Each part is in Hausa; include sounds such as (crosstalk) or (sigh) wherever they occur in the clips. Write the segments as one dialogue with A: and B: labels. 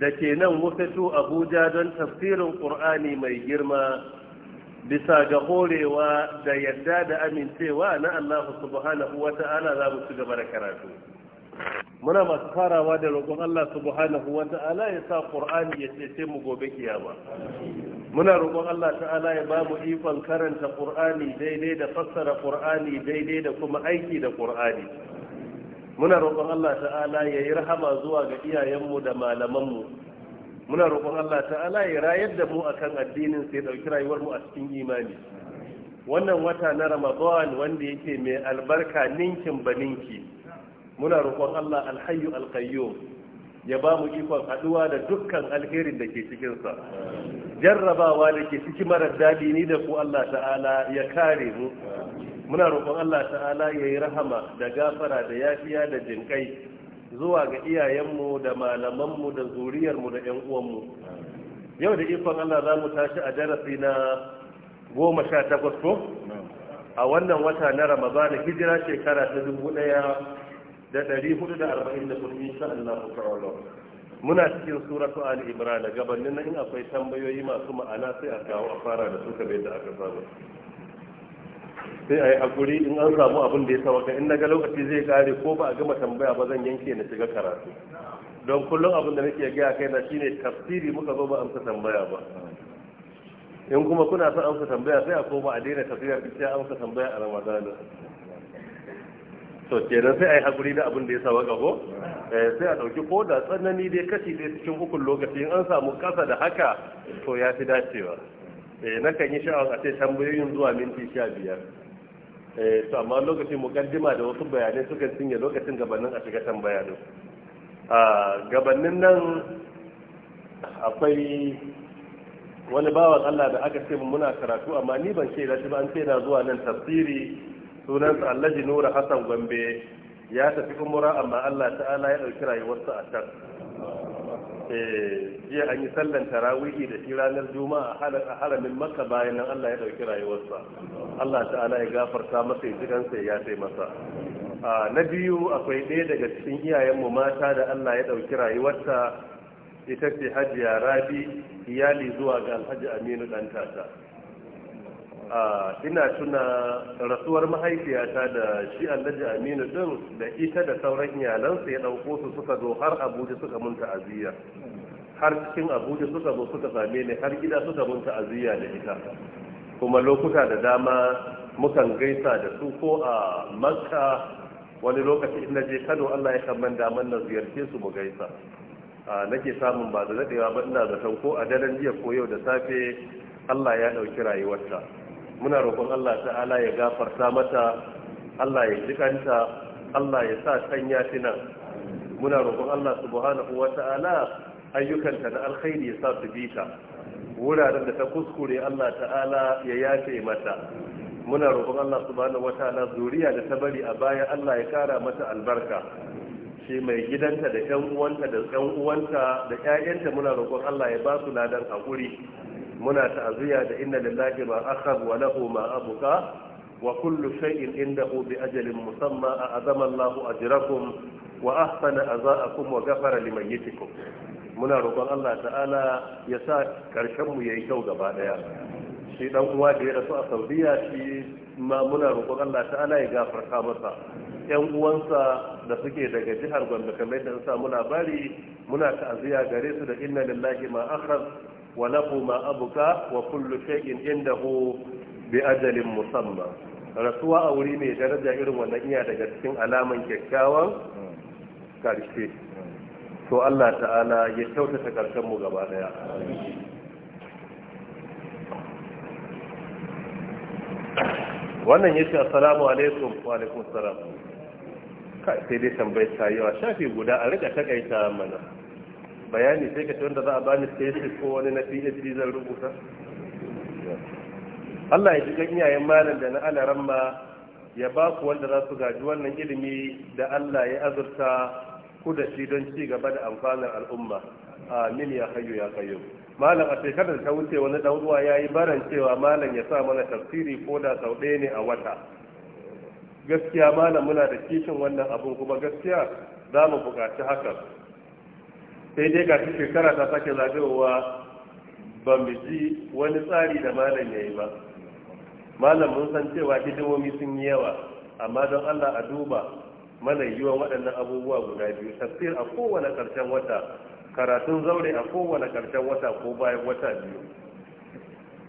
A: da ke nan wufatu abuja don tafsirin ƙur'ani mai girma bisa ga horewa da yadda da amincewa na Allah subhanahu wa ta'ala za mu ci gaba da karatu muna masu farawa da roƙon allah subhanahu wa ta'ala ya sa ƙur'ani ya cece mu gobe kiyama muna roƙon allah ta'ala ya ba mu ikon karanta ƙur'ani daidai da fassara ƙur'ani daidai da kuma aiki da ƙur'ani muna roƙon Allah ta'ala ya yi rahama zuwa ga iyayenmu da malamanmu muna roƙon Allah ta'ala ya rayar da mu akan addinin sai ɗauki rayuwar mu a cikin imani wannan wata na Ramadan wanda yake mai albarka ninkin baninki muna roƙon Allah alhayyu alqayyum ya ba mu ikon haɗuwa da dukkan alherin da ke cikinsa jarrabawa da ke ciki marar daɗi ni da ku Allah ta'ala ya kare mu muna roƙon Allah ta'ala ya yi rahama da gafara da yafiya da jinƙai zuwa ga iyayenmu da malamanmu da zuriyarmu da 'yan uwanmu yau da ikon Allah za mu tashi a darasi na goma sha takwas ko a wannan wata na da hijira shekara ta dubu ɗaya da ɗari hudu da arba'in da kudu insha Allah ta'ala muna cikin suratu ali imran gabanin nan in akwai tambayoyi masu ma'ana sai a kawo a fara da su kamar yadda aka saba sai a yi hakuri in an samu abin da ya sawaka in naga lokaci zai kare ko ba a gama tambaya ba zan yanke na shiga karatu don kullum abin da nake gaya kai na shine tafsiri muka zo ba amsa tambaya ba in kuma kuna son amsa tambaya sai a koma a daina tafiya sai amsa tambaya a ramadana to kenan sai a yi hakuri da abin da ya sawaka ko eh, sai a ɗauki ko da tsanani dai kashi dai cikin hukun lokaci in an samu kasa da haka to ya fi dacewa eh, na kan yi sha'awar a ce tambayoyin zuwa minti sha biyar Eh, to amma lokacin mukaddima da wasu bayanai suka cinye lokacin gabanin a shiga tambaya din gabanin nan akwai wani bawan Allah da aka ce muna karatu amma ni ban ce shi ba an ce na zuwa nan tafsiri sunansa Alhaji Nura Hassan Gombe ya tafi umura amma Allah ta'ala ya dauki rayuwarsa a can Eh, jiya an yi sallan tarawihi da shi ranar juma'a a haramin maka bayan nan Allah ya ɗauki rayuwarsa Allah ta'ala ya gafarta masa ya jikansa ya sai masa na biyu akwai ɗaya daga cikin iyayenmu mata da Allah ya ɗauki rayuwarta ita ce hajiya rabi iyali zuwa ga alhaji aminu ɗan tata ina tuna rasuwar mahaifiyata da shi allaji aminu din da ita da sauran iyalansa ya ɗauko su suka zo har abuja suka mun ta'aziyya har cikin abuja suka zo suka same ni har gida suka mun ta'aziyya da ita kuma lokuta da dama mukan gaisa da su ko a makka wani lokaci na je kano allah ya kan man na ziyarce su mu gaisa nake samun ba da daɗewa ba ina zaton ko a daren jiya ko yau da safe allah ya ɗauki rayuwarta muna roƙon Allah ta'ala ya gafarta mata Allah ya jikanta Allah ya sa sanya tina muna roƙon Allah subhanahu wa ta'ala ayyukanta na alkhairi ya sa su bi ta wuraren da ta kuskure Allah ta'ala ya yafe mata muna roƙon Allah subhanahu wa ta'ala zuriya da ta bari a baya Allah ya kara mata albarka Shi mai gidanta da 'yan uwanta da 'yan uwanta da 'ya'yanta muna roƙon Allah ya ba su ladan haƙuri muna ta'aziyya da inna lillahi ma akhadha wa lahu ma abqa wa kullu shay'in indahu bi ajalin musamma a'azama Allahu ajrakum wa ahsana azaakum wa ghafara yatikum muna roƙon Allah ta'ala ya sa karshen mu yayi kyau gaba daya shi dan uwa da ya rasu a Saudiya shi ma muna roƙon Allah ta'ala ya gafarta masa yan uwansa da suke daga jihar Gombe kamar da sa muna labari muna ta'aziyya gare su da inna lillahi ma akhadha ولقوا ما أبكى وكل شيء عنده بأجل مسمى رسوة أولي جرد درجة إرم ونئية لجسكين ألاما كيكاوا كارشي تو الله تعالى يشوت تكرشم يا wannan yace assalamu alaikum wa alaikum assalam kai sai dai tambayar ta yawa shafi guda a rika takaita mana bayani sai ka ce wanda za a bani thesis ko wani na phd zan rubuta Allah ya ji kan iyayen malam da na alaran ramma ya ba ku wanda za su gaji wannan ilimi da Allah ya azurta ku da shi don ci gaba da amfanin al'umma amin ya hayyu ya kayo malam a shekarar ta wuce wani dan uwa yayi baran cewa malam ya sa mana tafsiri ko da sau ɗaya ne a wata gaskiya malam muna da kishin wannan abun kuma gaskiya za mu buƙaci hakan sai dai shi shekara ta sake zagayowa ba mu ji wani tsari da malam ya yi ba malam mun san cewa hidimomi sun yi yawa amma don allah a duba mana yiwuwa waɗannan abubuwa guda biyu tafsir a kowane ƙarshen wata karatun zaure a kowane ƙarshen wata ko bayan wata biyu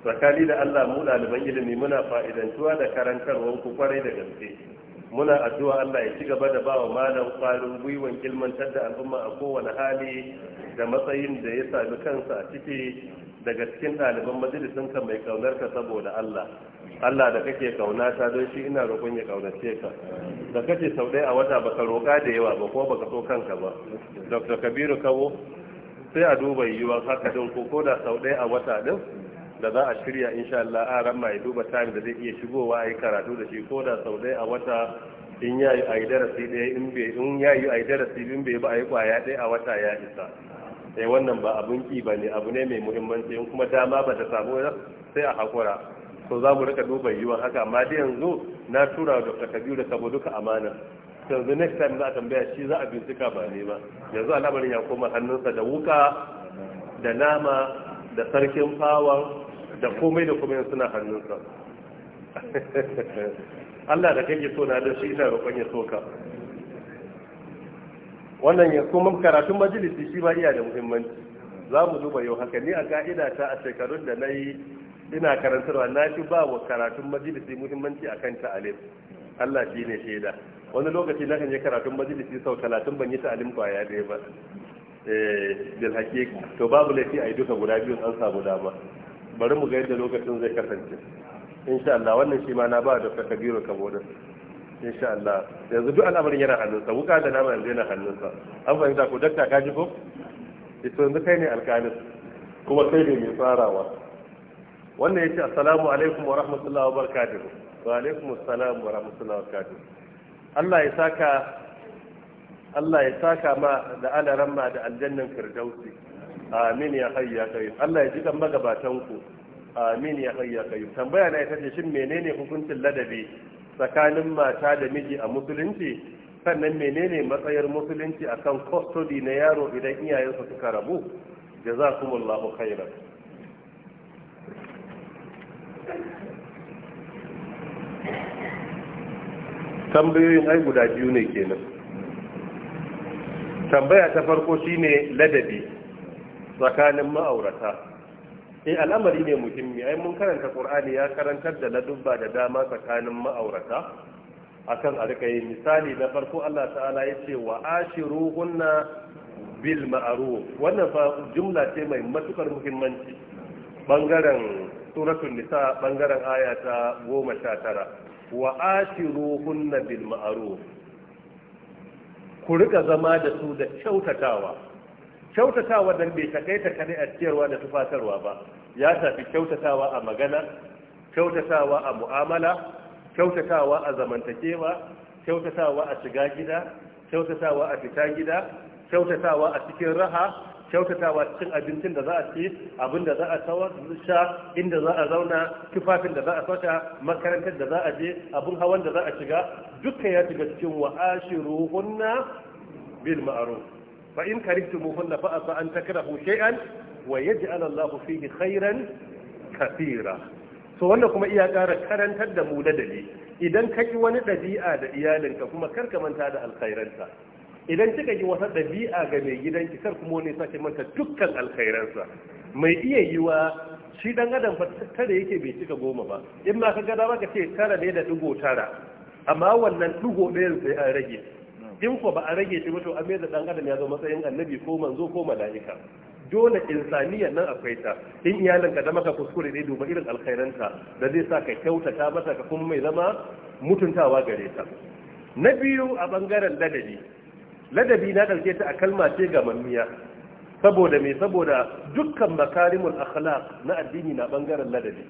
A: tsakani da allah mu ɗaliban ilimi muna fa'idantuwa da karantarwar ku kwarai da gaske muna addu'a Allah ya ci gaba da wa malam kwarin gwiwan ilmantar da al'umma a kowane hali da matsayin da ya sami kansa a ciki daga cikin ɗaliban majalisin ka mai kaunar ka saboda Allah Allah da kake kauna ta don shi ina roƙon ya kaunace ka da kace sau ɗaya a wata baka roƙa da yawa ba ko baka so kanka ba Dr. Kabiru Kawo sai a duba yiwuwar haka din ko da sau ɗaya a wata din da za a shirya insha Allah a ran mai duba time da zai iya shigowa a yi karatu da shi ko da sau ɗaya a wata in ya yi a darasi ɗaya in bai in ya yi darasi in bai ba a yi kwaya ɗaya a wata ya isa sai eh, wannan ba abun ki ba ne abu ne mai muhimmanci in kuma dama ba ta samu sai a hakura to za mu rika duba yiwuwar haka amma da yanzu na tura da kabiru da sabo duka amana yanzu next time za a tambaya shi za a bincika ba ne ba yanzu al'amarin ya koma hannunsa da wuka da nama da sarkin fawon da komai da komai suna hannunsa Allah da kake so na da shi ina roƙon ya soka wannan ya kuma karatun majalisi shi ba iya da muhimmanci za mu duba yau haka ni a ka'ida ta a shekarun da na yi ina karantarwa na fi ba wa karatun majalisi muhimmanci a kan ta'alim Allah shi ne shaida wani lokaci na kan yi karatun majalisi sau talatin ban yi ta'alim kwaya ɗaya ba eh bil to babu laifi a yi duka guda biyun an samu dama bari mu ga yadda lokacin zai kasance insha Allah wannan shi ma na ba da ka kabodin insha Allah yanzu duk al'amarin yana hannunsa wuka da nama yanzu yana hannunsa an fahimta ko dakta ka ji ko ito yanzu kai ne alƙalin kuma kai ne mai tsarawa wannan yace assalamu alaikum wa rahmatullahi wa barakatuh wa alaikum assalam wa rahmatullahi wa barakatuh Allah ya saka Allah ya saka ma da alaran ma da aljannan firdausi amin ya hayya kai Allah ya ji kan magabatan ku amin ya hayya kai tambaya na ita ce shin menene hukuncin ladabi tsakanin mata da miji a musulunci sannan menene matsayar musulunci akan custody na yaro idan iyayensa suka rabu jazakumullahu khairan tambayoyin ai guda biyu ne kenan tambaya ta farko shine ladabi tsakanin ma'aurata eh al'amari ne muhimmi ai mun karanta qur'ani ya karantar da ladubba da dama tsakanin ma'aurata akan a rika misali na farko Allah ta'ala ya ce wa ashiruhunna bil ma'ruf wannan fa jumla ce mai matukar muhimmanci bangaren suratul nisa bangaren aya ta 19 wa ashiruhunna bil ma'ruf ku rika zama da su da kyautatawa kyautatawa nan bai takaita kane a ciyarwa da tufatarwa ba ya tafi kyautatawa a magana kyautatawa a mu'amala kyautatawa a zamantakewa kyautatawa a shiga gida kyautatawa a fita gida kyautatawa a cikin raha kyautatawa cikin abincin da za a ci abin da za a sha inda za a zauna tufafin da za a saka makarantar da za a je abin hawan da za a shiga dukkan ya shiga cikin wa'ashiruhunna bil ma'ruf fa in karihtumuhunna fa asa an takrahu shay'an wa yaj'al Allahu fihi khairan kathira to wannan kuma iya ƙara karantar da mu dali idan ka ki wani ɗabi'a da iyalinka kuma kar ka manta da alkhairanta idan kika yi wata ɗabi'a ga mai gidanki kar kuma wani sake manta dukkan alkhairansa mai iya yiwa shi dan adam fa tare yake bai cika goma ba in ma ka ga dama ka ce tara ne da digo tara amma wannan digo ɗayan sai an rage in ko ba a rage shi ba to amma da dan adam ya zo matsayin annabi ko manzo ko mala'ika dole insaniya nan akwai ta in iyalin ka da maka kuskure ne duba irin alkhairanta da zai sa ka kyautata masa ka kuma mai zama mutuntawa gare ta na biyu a bangaren ladabi ladabi na ɗauke ta a kalma ce ga mamiya. saboda me saboda dukkan makarimul akhlaq na addini na bangaren ladabi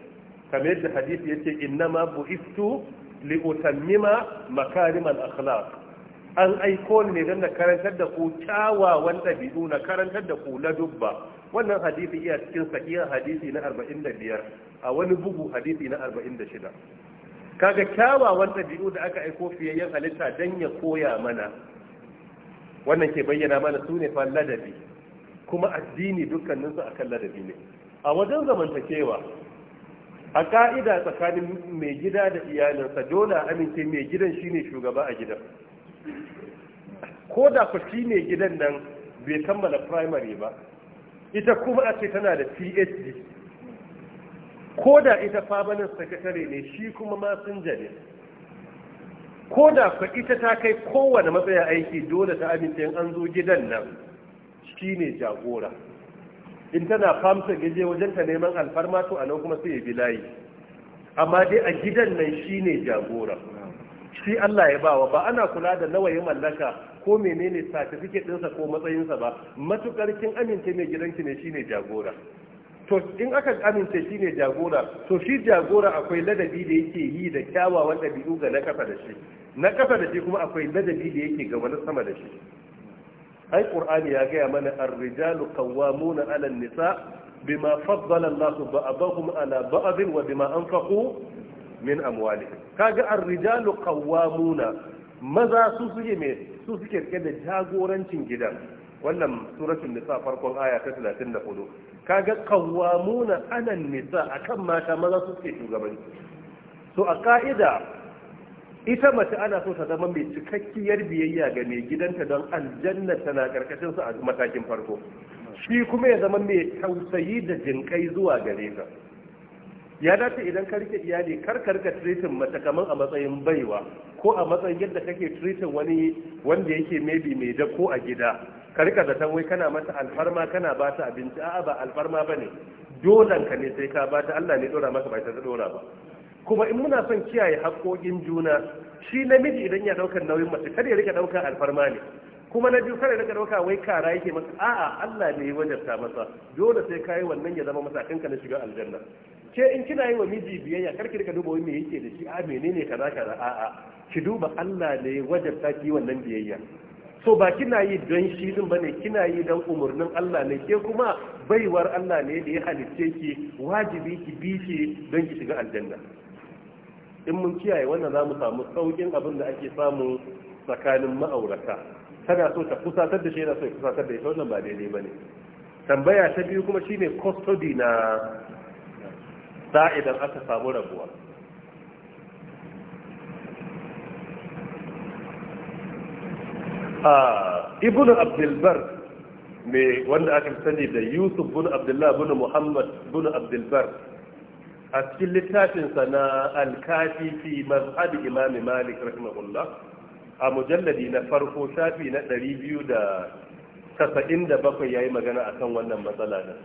A: kamar yadda hadisi yace innama bu'istu li utammima makarimal akhlaq an aiko ni ne don na karantar da ku kyawawan ɗabi'u na karantar da ku na dubba wannan hadisi iya cikin sahihan hadisi na 45 a wani bugu hadisi na 46 kaga kyawawan ɗabi'u da aka aiko fiyayyen halitta don ya koya mana wannan ke bayyana mana su ne fa ladabi kuma addini dukkaninsu akan ladabi ne a wajen zamantakewa a ka'ida tsakanin mai gida da iyalinsa dole a amince mai gidan shine shugaba a gidan ko da ku shi ne gidan nan bai kammala primary ba ita kuma a ce tana da phd ko da ita fabanin sakatare ne shi kuma masun ne ko da ku ita ta kai kowane matsaya aiki dole ta amince an zo gidan nan shi ne jagora in tana famsa gaje wajen ta neman alfarma to a nan kuma sai ya bi layi amma dai a gidan nan shi ne jagora shi Allah ya bawa ba ana kula da nawa ya mallaka ko menene certificate ɗinsa ko matsayinsa ba matukar kin amince mai gidanki ne shine jagora to in aka amince shi ne jagora to shi jagora akwai ladabi da yake yi da kyawawan ɗabi'u ga na kafa da shi na kafa da shi kuma akwai ladabi da yake ga wani sama da shi ai qur'ani ya gaya mana ar-rijalu qawwamuna 'ala an-nisa bima faddala Allahu ba'dahum 'ala ba'd wa bima anfaqu min amwalihim kaga ar-rijalu qawwamuna maza su suke me su suke rike da jagorancin gidan wannan suratul nisa farkon aya ta 34 kaga qawwamuna anan nisa akan mata maza su suke shugabanci to a ka'ida ita mace ana so ta zama mai cikakkiyar biyayya ga mai gidanta don aljanna tana karkashin su a matakin farko shi kuma ya zama mai tausayi da jinkai zuwa gare ta ya dace idan ka rike iyali kar ka rika treating mace kamar a matsayin baiwa ko a matsayin yadda kake treating wani wanda yake maybe mai da ko a gida ka rika zaton wai kana mata alfarma kana ba ta abinci a'a ba alfarma bane dolan ka ne sai ka ba ta Allah ne dora maka bai ta dora ba kuma in muna son kiyaye haƙoƙin juna shi namiji idan ya ɗaukar nauyin mace kada ya rika ɗaukar alfarma ne kuma na biyu kare daga dauka wai kara yake masa a'a Allah ne ya wajarta masa dole sai kai wannan ya zama masa kanka na shiga aljanna ke in kina yi wa miji biyayya karki rika duba wai me yake da shi a menene kaza kaza a'a ki duba Allah ne ya wajarta ki wannan biyayya so ba kina yi don shi din bane kina yi don umurnin Allah ne ke kuma baiwar Allah ne da ya halicce ki wajibi ki bi shi don ki shiga aljanna in mun kiyaye wannan za mu samu saukin abin da ake samu tsakanin ma'aurata tana so ta kusatar da shi yana so ya kusatar da ita wannan ba daidai ba ne tambaya ta biyu kuma shine custody na da idan aka samu rabuwa ah, ibn abdulbar mai wanda aka sani da yusuf bin abdullah bin muhammad bin abdulbar a cikin littafinsa na alkafi fi mazhabi imam malik rahimahullah a mujalladi na farko shafi na ɗari biyu da bakwai ya yi magana a kan wannan matsala da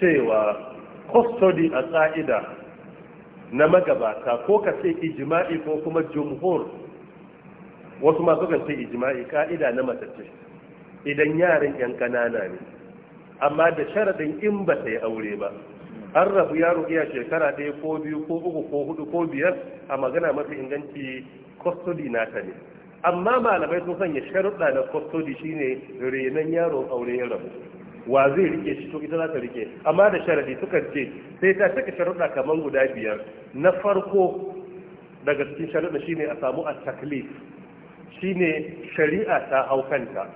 A: cewa custody a tsa'ida na magabata ko ka ce ijima'i ko kuma jumhur wasu masu kan ce ijima'i ka'ida na matace idan yaran yan kanana ne amma da sharadin in ba ta yi aure ba an rabu yaro iya shekara ɗaya ko biyu ko uku ko hudu ko biyar a magana mafi inganci custody nata ne amma malamai sun sanya sharuɗa na custody shine renon yaro aure ya rabu wa zai rike shi to ita za ta rike amma da sharadi suka ce sai ta cika sharuɗa kamar guda biyar na farko daga cikin sharuɗa shine a samu a taklif shine shari'a ta haukanta.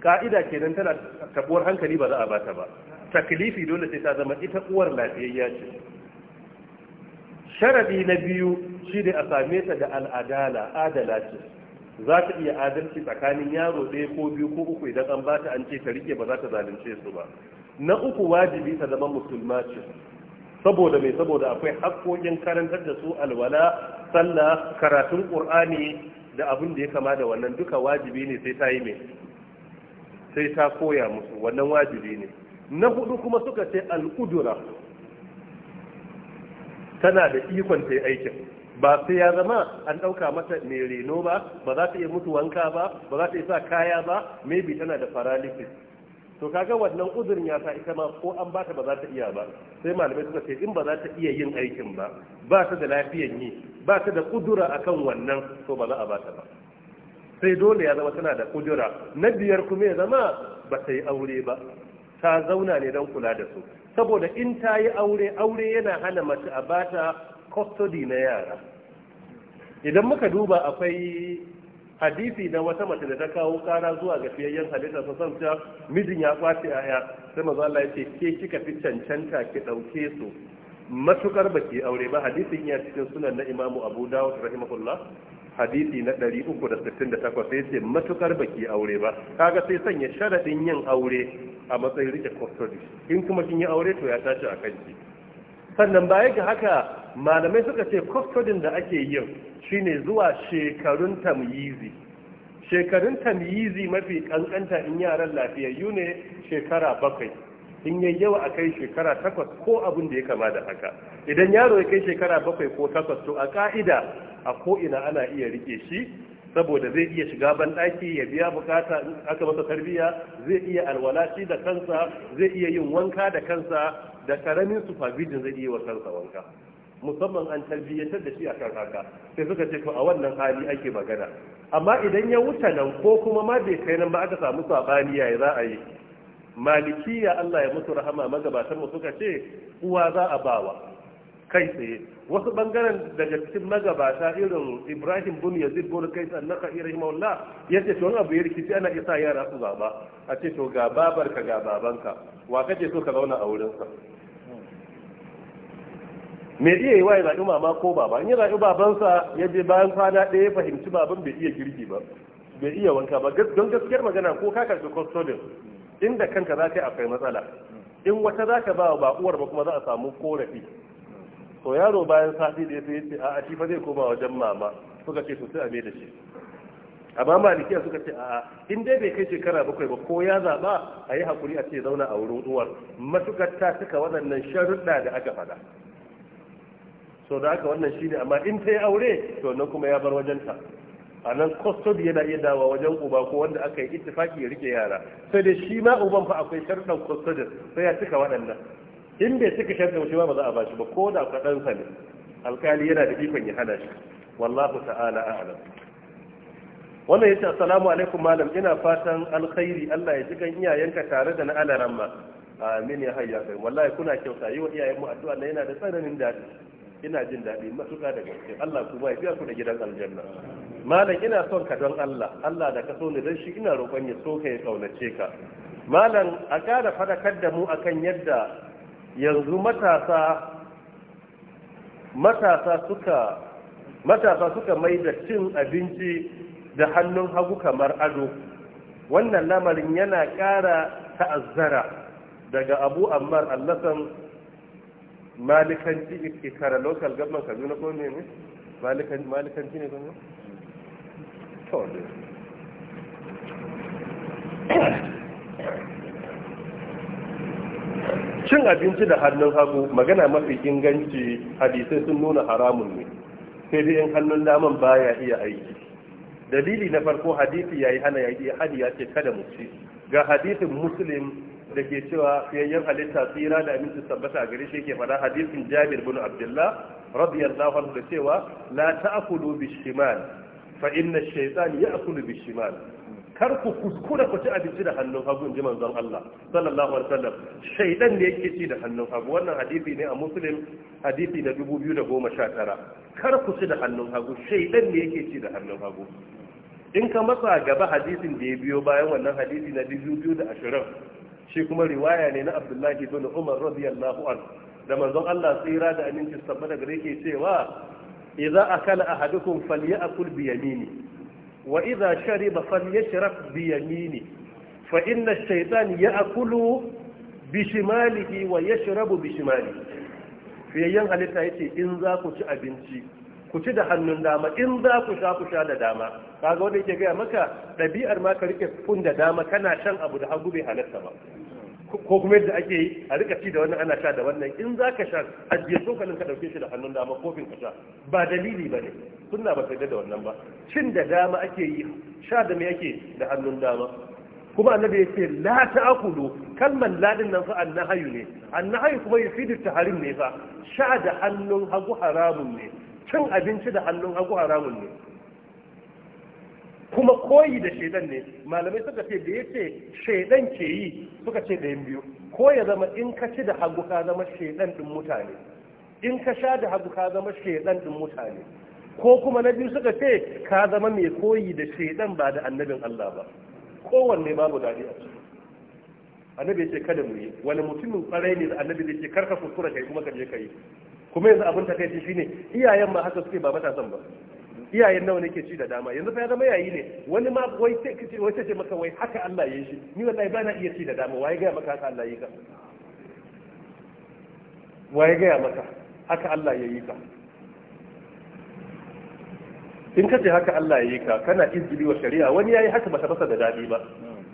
A: ka'ida kenan tana tabuwar hankali ba za a bata ba taklifi dole sai ta zama ita uwar lafiyayya ce sharadi na biyu shi ne a same ta da al'adala adala ce za ta iya adalci tsakanin yaro ɗaya ko biyu ko uku idan an bata an ce ta rike ba za ta zalunce su ba na uku wajibi ta zama musulma ce saboda mai saboda akwai haƙƙoƙin karantar da su alwala sallah karatun qur'ani da abin da ya kama da wannan duka wajibi ne sai ta yi mai sai ta koya musu wannan wajibi ne na hudu kuma suka ce al'udura tana da ikon ta yi aikin ba sai ya zama an ɗauka mata mai reno ba ba za ta iya mutu wanka ba ba za ta iya sa kaya ba maybe tana da paralysis to kaga wannan uzurin ya sa ita ma ko an ba ta ba za ta iya ba sai malamai suka ce in ba za ta iya yin aikin ba ba ta da lafiyan yi ba ta da kudura akan wannan to ba za a ba ta ba sai dole ya zama tana da kudura na biyar kuma ya zama ba ta yi aure ba ta zauna ne don kula da su saboda in ta yi aure aure yana hana mace a bata custody na yara idan muka duba akwai hadisi na wata mace da ta kawo kara zuwa ga fiyayyen halitta sun san cewa mijin ya kwace ya sai manzo Allah ya ce ke kika fi cancanta ki ɗauke su matukar baki aure ba hadisin ya cikin sunan na Imam Abu Dawud rahimahullah hadisi na 368 sai ce matukar baki aure ba kaga sai sanya sharadin yin aure a matsayin rike custody in kuma kin yi aure to ya tashi a kanki sannan baya ga haka malamai suka ce custody da ake yin shine zuwa shekarun tamyizi shekarun tamyizi mafi kankanta in yaran lafiyayyu ne shekara bakwai in yi yawa a kai shekara takwas ko abin da ya kama da haka idan yaro ya kai shekara bakwai ko takwas to a ka'ida a ko ina ana iya rike shi saboda zai iya shiga banɗaki ya biya bukata aka masa tarbiyya zai iya alwala da kansa zai iya yin wanka da kansa da karamin supervision zai iya wa kansa wanka musamman an tarbiyyantar da shi akan haka sai suka ce to a wannan hali ake magana amma idan ya wuce nan ko kuma ma bai kai nan ba aka samu sabani yaya za a yi malikiya Allah ya mutu rahama magabatan mu suka ce uwa za a bawa kai tsaye wasu bangaren daga cikin magabata irin Ibrahim bin Yazid bin Kais annaka irhimullah yace to wani abu ya rikici ana isa yara su zaba a ce to ga babarka ga babanka wa kace so ka zauna a wurin sa me iya yi wa ya zaɓi mama ko baba in ya zaɓi babansa ya je bayan kwana ɗaya fahimci baban bai iya girki ba bai iya wanka ba don gaskiyar magana ko ka karɓi kwastodin inda kanka za ka yi akwai matsala in wata za ka ba wa uwar ba kuma za a samu korafi to yaro bayan sati da ya ce a shi fa zai koma wajen mama suka ce sosai a da shi amma malikiya suka ce a in dai bai kai shekara bakwai ba ko ya zaba a yi hakuri a ce zauna a wurin uwar matukar ta cika waɗannan sharuɗa da aka faɗa so da aka wannan shine amma in ta yi aure to nan kuma ya bar wajenta a nan custody yana iya dawa wajen uba ko wanda aka yi ittifaki ya rike yara sai da shi ma uban fa akwai sharɗan custody sai ya cika waɗannan in bai cika sharɗan shi ma ba za a ba ba ko da ka ɗansa ne alkali yana da ikon ya hana shi wallahu ta'ala a'lam wannan yace assalamu alaikum malam ina fatan alkhairi Allah ya ji kan iyayenka tare da na alaramma amin ya hayya kai wallahi kuna kyauta yi wa mu addu'a na yana da tsananin daɗi ina jin daɗi matuƙa da gaske Allah kuma ya biya ku da gidan aljanna malam ina son ka don Allah Allah da ka so ni don shi ina roƙon ya so ka ya kaunace ka malam a ƙara fadakar da mu akan yadda yanzu matasa matasa suka matasa suka mai da cin abinci da hannun hagu kamar ado wannan lamarin yana ƙara ta'azzara daga abu ammar allasan malikanci ikara local government kaduna ko ne malikanci ne ne cin abinci da hannun hagu magana mafi inganci hadisai sun nuna haramun ne sai dai in hannun daman baya iya aiki dalili na farko hadisi ya yi hana yayi hadi ya ce kada mu ci ga hadisin muslim da ke cewa fiyayyen halitta tsira da abinci tabbata a gari shi ke fara. hadisin jabir bin abdullah radiyallahu anhu da cewa la ta'kulu bishimal fa inna shaytan ya'kulu bishimal kar ku kuskura ku ci abinci da hannun hagu inji manzon Allah sallallahu alaihi wasallam shaydan ne yake ci da hannun hagu wannan hadisi ne a muslim hadisi na 2019 kar ku ci da hannun hagu shaydan ne yake ci da hannun hagu in ka matsa gaba hadisin da ya biyo bayan wannan hadisi na 2020 shi kuma riwaya ne na Abdullahi ibn Umar radiyallahu anhu da manzon Allah tsira da aminci sabba da gare ke cewa idza akala ahadukum falyakul bi yamini wa idza shariba falyashrab bi yamini fa inna ash-shaytan ya'kulu bi shimalihi wa yashrabu bi shimalihi fiyayyan halitta yace in za ku ci abinci ku ci da hannun dama in za ku sha da dama ga wanda yake gaya maka ɗabi'ar ma ka rike fun da dama kana shan abu da hagu bai halatta ba ko kuma yadda ake yi a rika ci da wannan ana sha da wannan in za ka sha ajiye cokalin ka ɗauke shi da hannun dama kofin ka sha ba dalili ba ne suna ba sai da wannan ba cin da dama ake yi sha da me ake da hannun dama kuma annabi ya ce la ta'kulu kalman ladin nan fa annahayu ne annahayu kuma yafidu taharim ne fa sha da hannun hagu haramun ne cin abinci da hannun hagu haramun ne kuma koyi da shaidan ne malamai suka ce da ce shaidan ke yi suka ce da yin biyu ko ya zama in ka ci da hagu ka zama shaidan din mutane in ka sha da hagu ka zama shaidan din mutane ko kuma na biyu suka ce ka zama mai koyi da shaidan ba da annabin Allah ba kowanne babu dadi a ciki annabi ya ce kada mu yi wani mutumin kwarai ne da annabi zai ce karka kuskura kai kuma ka je ka yi kuma yanzu abin ta kai shine iyayen ma haka suke ba matasan ba iyayen nawa nake ci da dama yanzu fa ya zama yayi ne wani ma wai sai kace wai ce maka wai haka Allah yi shi ni wallahi ba na iya ci da dama waye ga maka haka Allah ya yi ka waye ga maka haka Allah yi ka in kace haka Allah yi ka kana izini wa shari'a wani yayi haka ba ta masa da dadi ba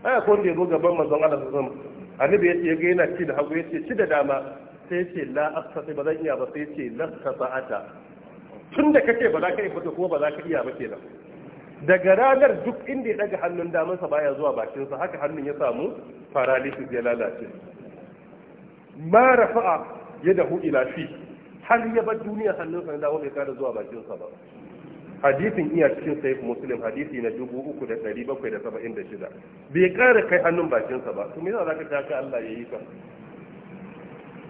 A: ai ko ya zo gaban manzon Allah sallallahu alaihi wasallam annabi ya ya ga yana ci da hagu ce ci da dama sai ce la astati ba zan iya ba sai ce la sa'ata tun da kake ba za ka yi fito kuma ba za ka iya ba ke daga ranar duk inda ya daga hannun damansa baya zuwa bakinsa haka hannun ya samu paralysis ya lalace ma rafa'a ya dahu ila fi har ya bar duniya hannunsa na dawo bai kada zuwa bakinsa ba hadisin iya cikin sahih muslim hadisi na da da shida bai kara kai hannun bakinsa ba to me yasa zaka ta ka Allah yayi ka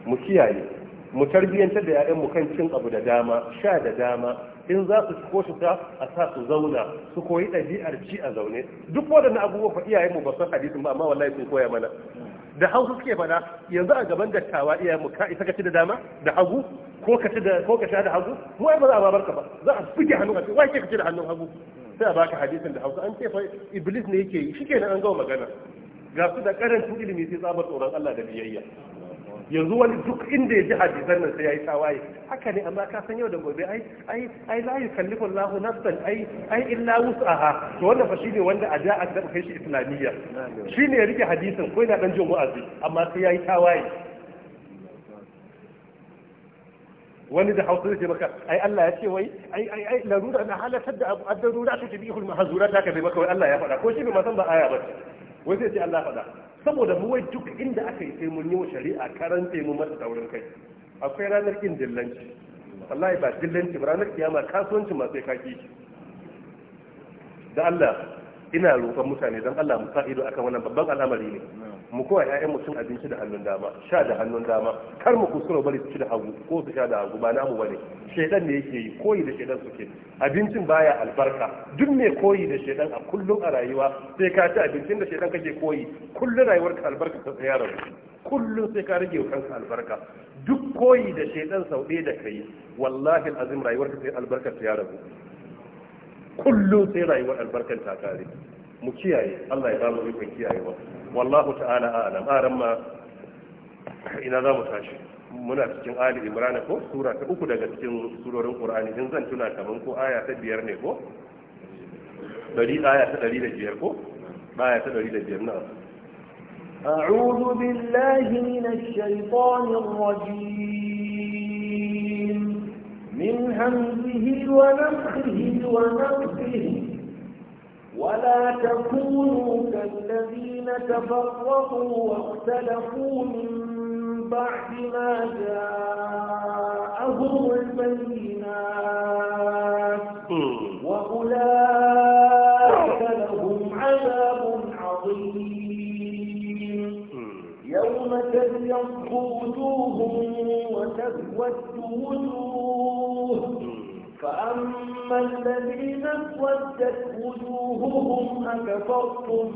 A: mu kiyaye mu tarbiyyantar da ‘ya'yanmu kan cin abu da dama sha da dama in za su ko su ta a sa su zauna su koyi ɗabi'ar ci a zaune duk waɗannan abubuwa fa iyayenmu ba san hadisin ba amma wallahi sun koya mana da hausa suke fada yanzu a gaban dattawa mu ka isa ka ci da dama da hagu ko ka ci da ko ka sha da hagu mu ai ba za a babar ka ba za a buge hannu a ce wai ka ci da hannun hagu sai a baka hadisin da hausa an ce fa iblis ne yake yi shikenan an gama magana ga su da karantun ilimi sai tsabar tsoron Allah da biyayya yanzu wani duk inda ya ji hadisan nan sai ya yi tawaye haka ne amma ka san yau da gobe ai ai ai la yukallifu Allahu nafsan ai ai illa wus'aha to wannan fa shine wanda a da aka kai shi islamiyya shine ya rike hadisin ko yana dan jin wa'azi amma sai ya yi tawaye wani da hausa zai maka ai Allah ya ce wai ai ai ai larura na halatar da abu addarura ta tabihul mahzura ta ka bai maka wai Allah ya faɗa ko shi ne ma san ba aya ba wai sai ce Allah faɗa saboda mu wai duk inda aka yi sai mun yi wa shari'a karanta mu mata daurin kai akwai ranar kin dillanci wallahi ba dillanci ba ranar kiyama kasuwanci ma sai kaki da Allah ina roƙon mutane don Allah mu sa ido akan wannan babban al'amari ne mu kowa ƴaƴan mutum abinci da hannun dama sha da hannun dama kar mu kuskura bari su ci da hagu ko su sha da hagu ba namu bane shedan ne yake yi koyi da shedan suke abincin baya albarka duk mai koyi da shedan a kullum a rayuwa sai ka ci abincin da shedan kake koyi kullum rayuwarka albarka ta tsaya rabu kullum sai ka rage kanka albarka duk koyi da shedan sau ɗaya da kai wallahi alazim rayuwarka sai albarka ta ya rabu kullum sai rayuwar albarkan ta kare mu kiyaye Allah ya ba mu ikon ba wallahu ta'ala a'lam aran ma ina za mu tashi muna cikin ali imran ko sura ta uku daga cikin surorin qur'ani din zan tuna kaman ko aya ta biyar ne ko dari aya ta dari da biyar ko aya ta dari da biyar na
B: أعوذ بالله من الشيطان الرجيم حمده ونفخه ونفخه ولا تكونوا كالذين تفرقوا واختلفوا من بعد ما جاءهم البينات وأولئك لهم عذاب عظيم يوم تبيض وجوههم وتسود وجوههم فأما الذين اسودت وجوههم أكفرتم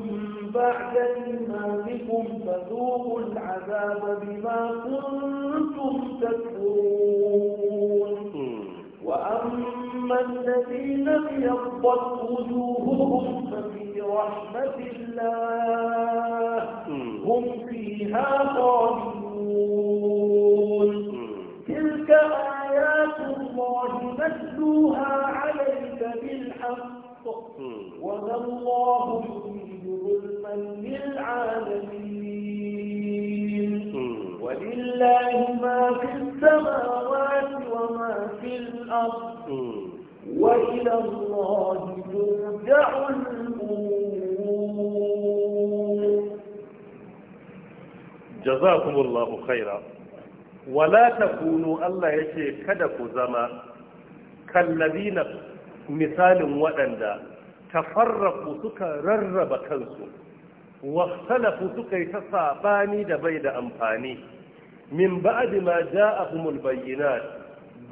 B: بعد إيمانكم فذوقوا العذاب بما كنتم تكفرون وأما الذين ابيضت وجوههم ففي رحمة الله هم فيها خالدون تلك آية الله نتلوها عليك بالحق وما الله يريد ظلما للعالمين ولله ما في السماوات وما في الأرض وإلى الله ترجع الأمور
A: جزاكم الله خيرا wala kunu Allah yake kada ku zama kallazina misalin waɗanda tafarraku suka rarraba kansu waxtalafu suka yi ta saɓani da bai da amfani min ba'di ma ja'ahumul bayyinat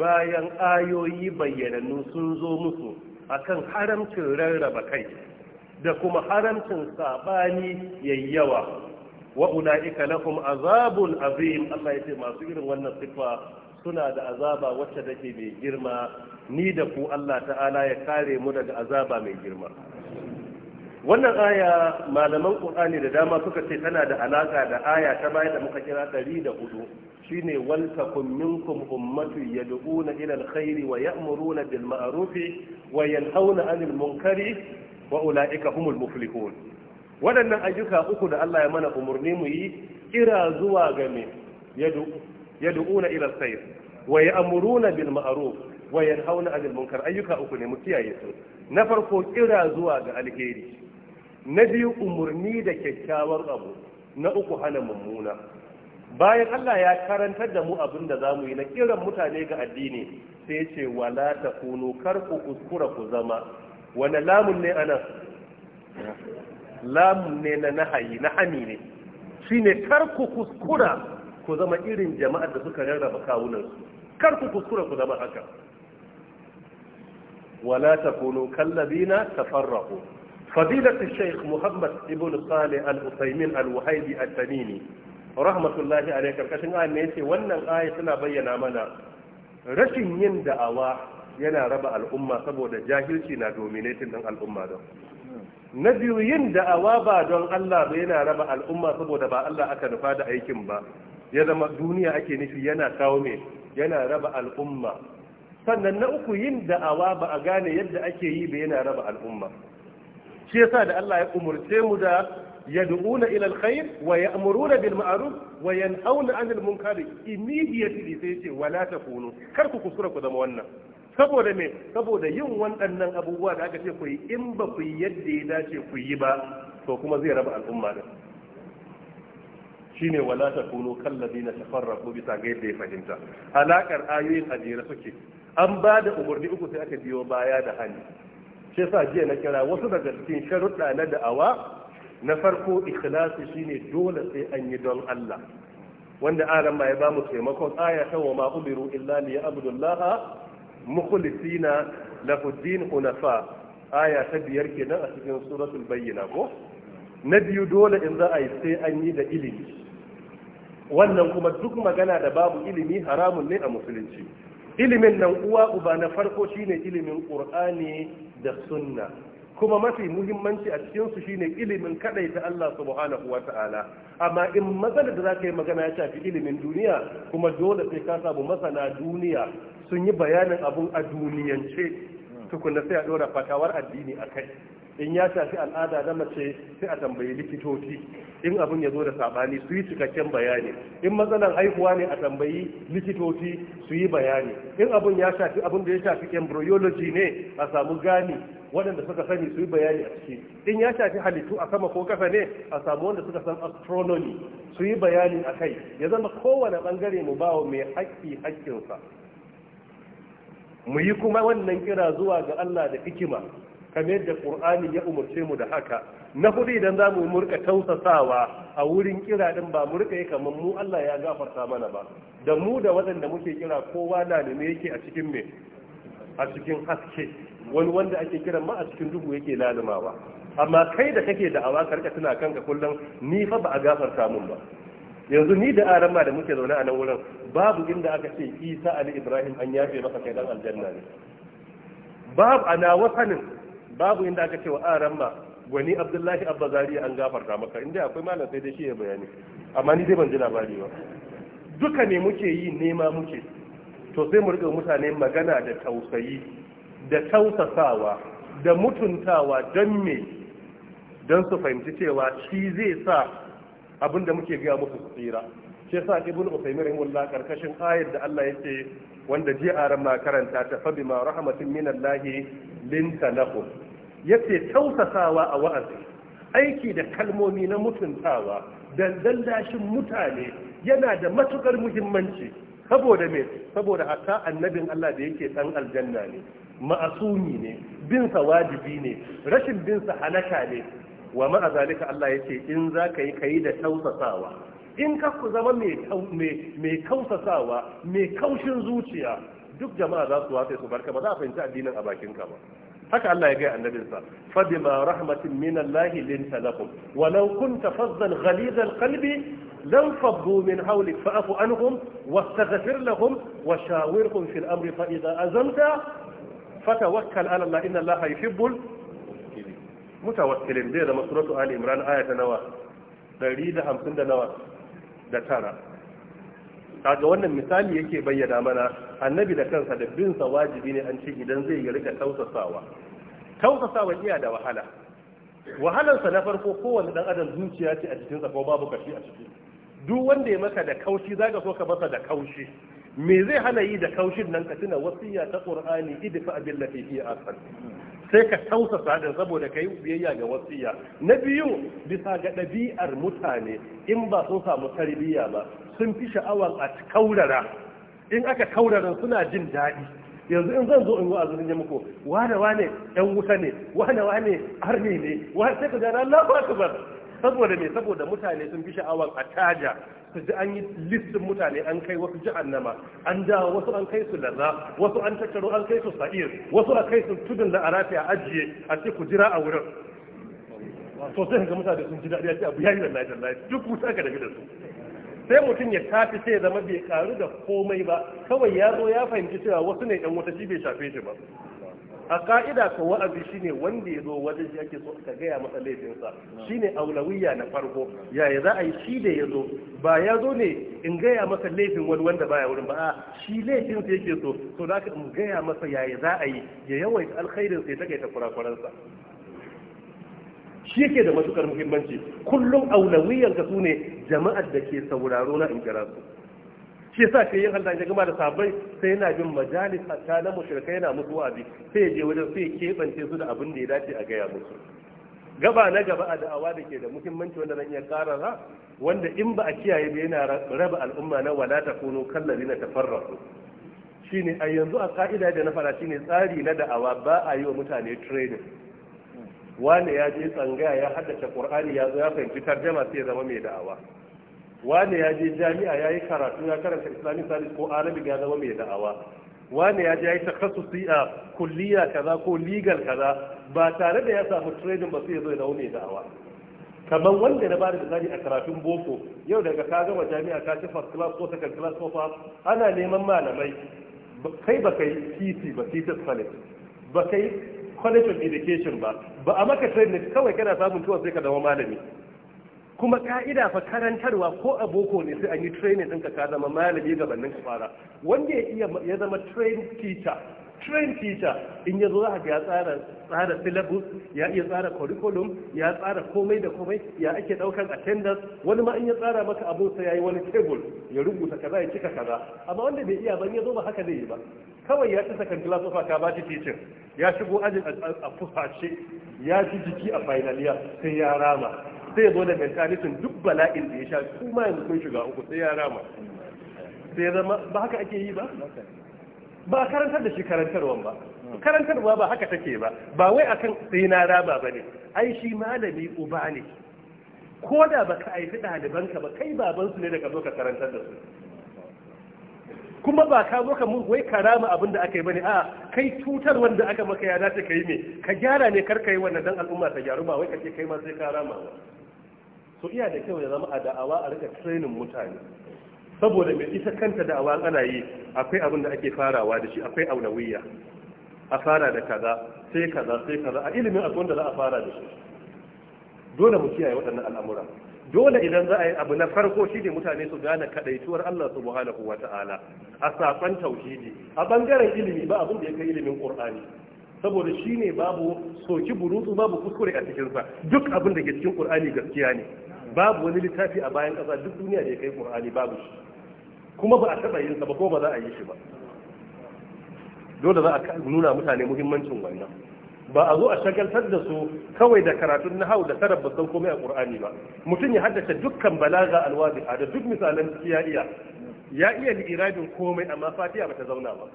A: bayan ayoyi bayyanannu sun zo musu akan haramcin rarraba kai da kuma haramcin saɓani yayyawa wa ulaika lahum azabun azim Allah yace masu irin wannan sifa suna da azaba wacce take mai girma ni da ku Allah ta'ala ya kare mu daga azaba mai girma wannan aya malaman qur'ani da dama suka ce tana da alaka da aya ta baya da muka kira 104 shine wal takum minkum ummatu yad'una ila alkhairi wa ya'muruna bil ma'ruf wa yanhauna 'anil munkari wa ulaika humul muflihun waɗannan ayyuka uku da Allah ya mana umarni mu yi kira zuwa ga me yad'una ila sayr wa ya'muruna bil ma'ruf wa yanhauna 'anil munkar ayyuka uku ne mu kiyaye su na farko kira zuwa ga alheri na biyu umarni da kyakkyawar abu na uku hana mummuna bayan Allah ya karantar da mu abin da zamu yi na kiran mutane ga addini sai ya ce wala takunu kar ku kuskura ku zama wani lamun ne anan lamun ne na nahayi na hani ne shine kar ku kuskura ku zama irin jama'ar da suka rarraba kawunansu kar ku kuskura ku zama haka wala takunu kallabina tafarraqu فضيلة الشيخ محمد ابن صالح الأثيمين الوهيبي التميمي رحمة الله عليه karkashin ayan ne yace wannan aya tana bayyana mana rashin yin da'awa yana raba al'umma saboda jahilci na dominating din al'umma da na biyu yin da'awa ba don Allah ba yana raba al'umma saboda ba Allah aka nufa da aikin ba ya zama duniya ake nufi yana kawo mai yana raba al'umma sannan na uku yin da'awa ba a gane yadda ake yi ba yana raba al'umma shi yasa da Allah ya umurce mu da yad'una ila alkhair wa ya'muruna bil ma'ruf wa yanhauna 'anil munkar immediately sai ce wala takunu kar ku kusura ku zama wannan saboda me saboda yin waɗannan abubuwa da aka ce ku yi in ba ku yi yadda ya dace ku yi ba to kuma zai raba al'umma da shine wala na kallabina tafarraqu bisa ga yadda ya fahimta alakar ayoyin ajira suke an ba da umarni uku sai aka biyo baya da hali shi sa jiya na kira wasu daga cikin sharuɗa na da'awa na farko ikhlasi shine dole sai an yi don Allah wanda aran ma ya bamu taimakon aya ta wa ma umiru illa mukhlisina lahuddin hunafa aya ta biyar kenan a cikin suratul bayyina ko na biyu dole in za a yi sai an yi da ilimi wannan kuma duk magana da babu ilimi haramun ne a musulunci ilimin nan uwa uba na farko shine ilimin qur'ani da sunna kuma mafi muhimmanci a cikin su shine ilimin kadai ta Allah subhanahu wa ta'ala amma in matsalar da za ka yi magana ya shafi ilimin duniya kuma dole sai ka samu masana duniya sun yi bayanin abun a duniyance tukunna sai a dora fatawar addini a kai in ya shafi al'ada na mace sai a tambayi likitoci in abin ya zo da sabani su yi cikakken bayani in matsalar haihuwa ne a tambayi likitoci su yi bayani in abun ya shafi abun da ya shafi embryology ne a samu gani waɗanda suka sani su yi bayani a ciki in ya shafi halittu a sama ko kasa ne a samu wanda suka san astronomy su yi bayani a kai ya zama kowane ɓangare mu ba wa mai haƙƙi haƙƙinsa mu yi kuma wannan kira zuwa ga Allah da hikima kamar yadda Qur'ani ya umarce mu da haka na hudu idan za mu murka tausasawa a wurin kira din ba mu rika kamar mu Allah ya gafarta mana ba da mu da waɗanda muke kira kowa na ne yake a cikin me a cikin haske wani wanda ake kiran ma a cikin duhu yake lalumawa amma kai da kake da awa karka tana kanka kullum ni fa ba a gafarta mun ba yanzu ni da arama da muke zaune a nan wurin babu inda aka ce isa ali ibrahim an yafe masa kai dan aljanna ne babu ana wasanin babu inda aka ce wa arama gwani abdullahi abba zariya an gafarta maka inda akwai malam sai dai shi ya bayani amma ni dai ban ji labari ba duka ne muke yi nema muke to sai mu riƙa mutane magana da tausayi da tausasawa da mutuntawa don me don su fahimci cewa shi zai sa abin da muke gaya musu tsira shi yasa ibnu usaymin rahimahullah karkashin ayar da Allah ya ce wanda ji a ma karanta ta fa bima rahmatin minallahi linta lahum yace tausasawa a wa'azi aiki da kalmomi na mutuntawa da dandashin mutane yana da matukar muhimmanci saboda me saboda hatta annabin Allah da yake dan aljanna ne ma'asumi ne bin sa wajibi ne rashin bin sa halaka ne wa ma'a zalika Allah yace in za ka yi kai da tausasawa in ka ku zama mai mai kausasawa mai kaushin zuciya duk jama'a za su wafe su barka ba za a fahimci addinin a bakin ka ba haka Allah ya gaya annabinsa fadima rahmatin min Allah linta lahum walau kunta fazzan ghalizal qalbi lam faddu min hawlik fa'fu anhum wastaghfir lahum wa shawirhum fil amri fa idha azamta fatawakkal ala Allah inna Allah yuhibbul mutawakkilin zai zama masuratu ali imran aya ta nawa 150 da nawa da tara kaga wannan misali yake bayyana mana annabi da kansa da bin sa wajibi ne an ce idan zai yi rika tausasawa tausasawa iya da wahala wahalarsa na farko kowanne dan adam zuciya ce a cikin sa ko babu kashi a cikin. duk wanda ya maka da kaushi zaka so ka masa da kaushi me zai hana yi da kaushin nan ka tuna wasiya ta qur'ani abin da lati hi asan sai ka tausasa da saboda kai biyayya ga wasiya na biyu bisa ga ɗabi'ar mutane in ba sun samu tarbiyya ba sun fi sha'awar a kaurara in aka kaurara suna jin daɗi yanzu in zan zo in wa'azi zan yi muku wane wane 'yan wuta ne wane wane arni ne wane sai ka ga Allah akbar saboda me saboda mutane sun fi sha'awar a taja su ji an yi listin mutane an kai wasu jahannama an dawo wasu an kai su lalla, wasu an tattaro an kai su sa'ir wasu a kai su tudun da arafi a ajiye a ce ku jira a wurin to sai ga mutane sun ji daɗi a ce abu yayi wallahi tallahi duk wuta ka dabi da su sai mutum ya tafi sai zama bai karu da komai ba kawai ya zo ya fahimci cewa wasu ne ɗan wata shi bai shafe shi ba a ka'ida ka wa'azi shi ne wanda ya zo wajen shi ake so ka gaya masa laifinsa shi ne aulawiya na farko yaya za a yi shi da ya zo ba ya zo ne in gaya masa laifin wani wanda baya wurin ba a shi laifinsa sa yake so to za ka in gaya masa yaya za a yi ya yawaita alkhairin sa ya takaita kurakuransa shi yake da matukar muhimmanci kullum aulawiyanka su ne jama'ar da ke sauraro na in kira su shi yasa ke yin halda ya gama da sabai sai yana bin majalis ta na mushrikai yana musu wa'azi sai je wajen sai ya kebance su da abin da ya dace a gaya musu gaba na gaba a da'awa da ke da muhimmanci wanda zan iya karara wanda in ba a kiyaye ba yana raba al'umma na wala ta kuno kallari na tafarrasu shine a yanzu a ka'ida da na fara shine tsari na da'awa ba a yi wa mutane training wani ya je tsangaya ya haddace qur'ani ya zo ya fahimci tarjama sai ya zama mai da'awa wane ya je jami'a ya yi karatu ya karanta islamic studies ko alami ga zama mai da'awa wane ya je ya yi takasusi a kulliya kaza ko legal kaza ba tare da ya samu training ba sai ya zo ya zama mai da'awa kamar wanda na bada misali a karatun boko yau daga ka gama jami'a ka ci first class ko second class ko fa ana neman malamai kai ba kai titi ba titus college ba kai college of education ba ba a maka training kawai kana samun tuwa sai ka zama malami kuma ka'ida fa karantarwa ko a boko ne sai an yi training ɗinka ka zama malami gabanin ka fara wanda ya iya ya zama train teacher train teacher in ya zo za ga ya tsara tsara syllabus ya iya tsara curriculum ya tsara komai da komai ya ake daukan attendance wani ma in ya tsara maka abun sai yi wani table ya rubuta kaza ya cika kaza amma wanda bai iya ban ya zo ba haka zai yi ba kawai ya ci sakan class of ka ba shi teaching ya shigo ajin a fufashe ya ji jiki a finaliya sai ya rama sai zo da mentalitin duk bala'in da ya sha kuma yanzu kun shiga uku sai ya rama sai zama ba haka ake yi ba ba a karantar da shi karantarwan ba karantarwa ba haka take ba ba wai akan sai na raba ba ne ai shi malami uba ne ko da ba ka aifi ɗalibanka ba kai babansu ne daga zo ka karantar da su kuma ba ka zo ka mun wai karama abin da aka yi bane a kai cutar wanda aka maka ya dace ka yi me ka gyara ne kar ka yi wannan dan al'umma ta gyaru ba wai ka ce kai ma sai karama ba to iya da kyau ya zama a da'awa a rika training mutane saboda mai isa kanta da'awa ana yi akwai abin da ake farawa da shi akwai aulawiyya a fara da kaza sai kaza sai kaza a ilimin akwai da za a fara da shi dole mu kiyaye waɗannan al'amura dole idan za a yi abu na farko shi ne mutane su gane kadaituwar Allah subhanahu wa ta'ala a safan tauhidi a bangaren ilimi ba abin da ya kai ilimin ƙur'ani saboda shi ne babu soki burutsu babu kuskure a cikinsa duk abin da ke cikin ƙur'ani gaskiya ne babu wani littafi a bayan ƙasa duk duniya da ya kai ƙur'ani babu shi kuma ba a taɓa yin sa ba ko ba za a yi shi ba dole za a nuna mutane muhimmancin wannan ba a zo a shagaltar da su kawai da karatun na hau da sarar san komai a ƙur'ani ba mutum ya haddace dukkan balaga alwazi a da duk misalan ya iya ya iya li'irajin komai amma fatiya ba ta zauna ba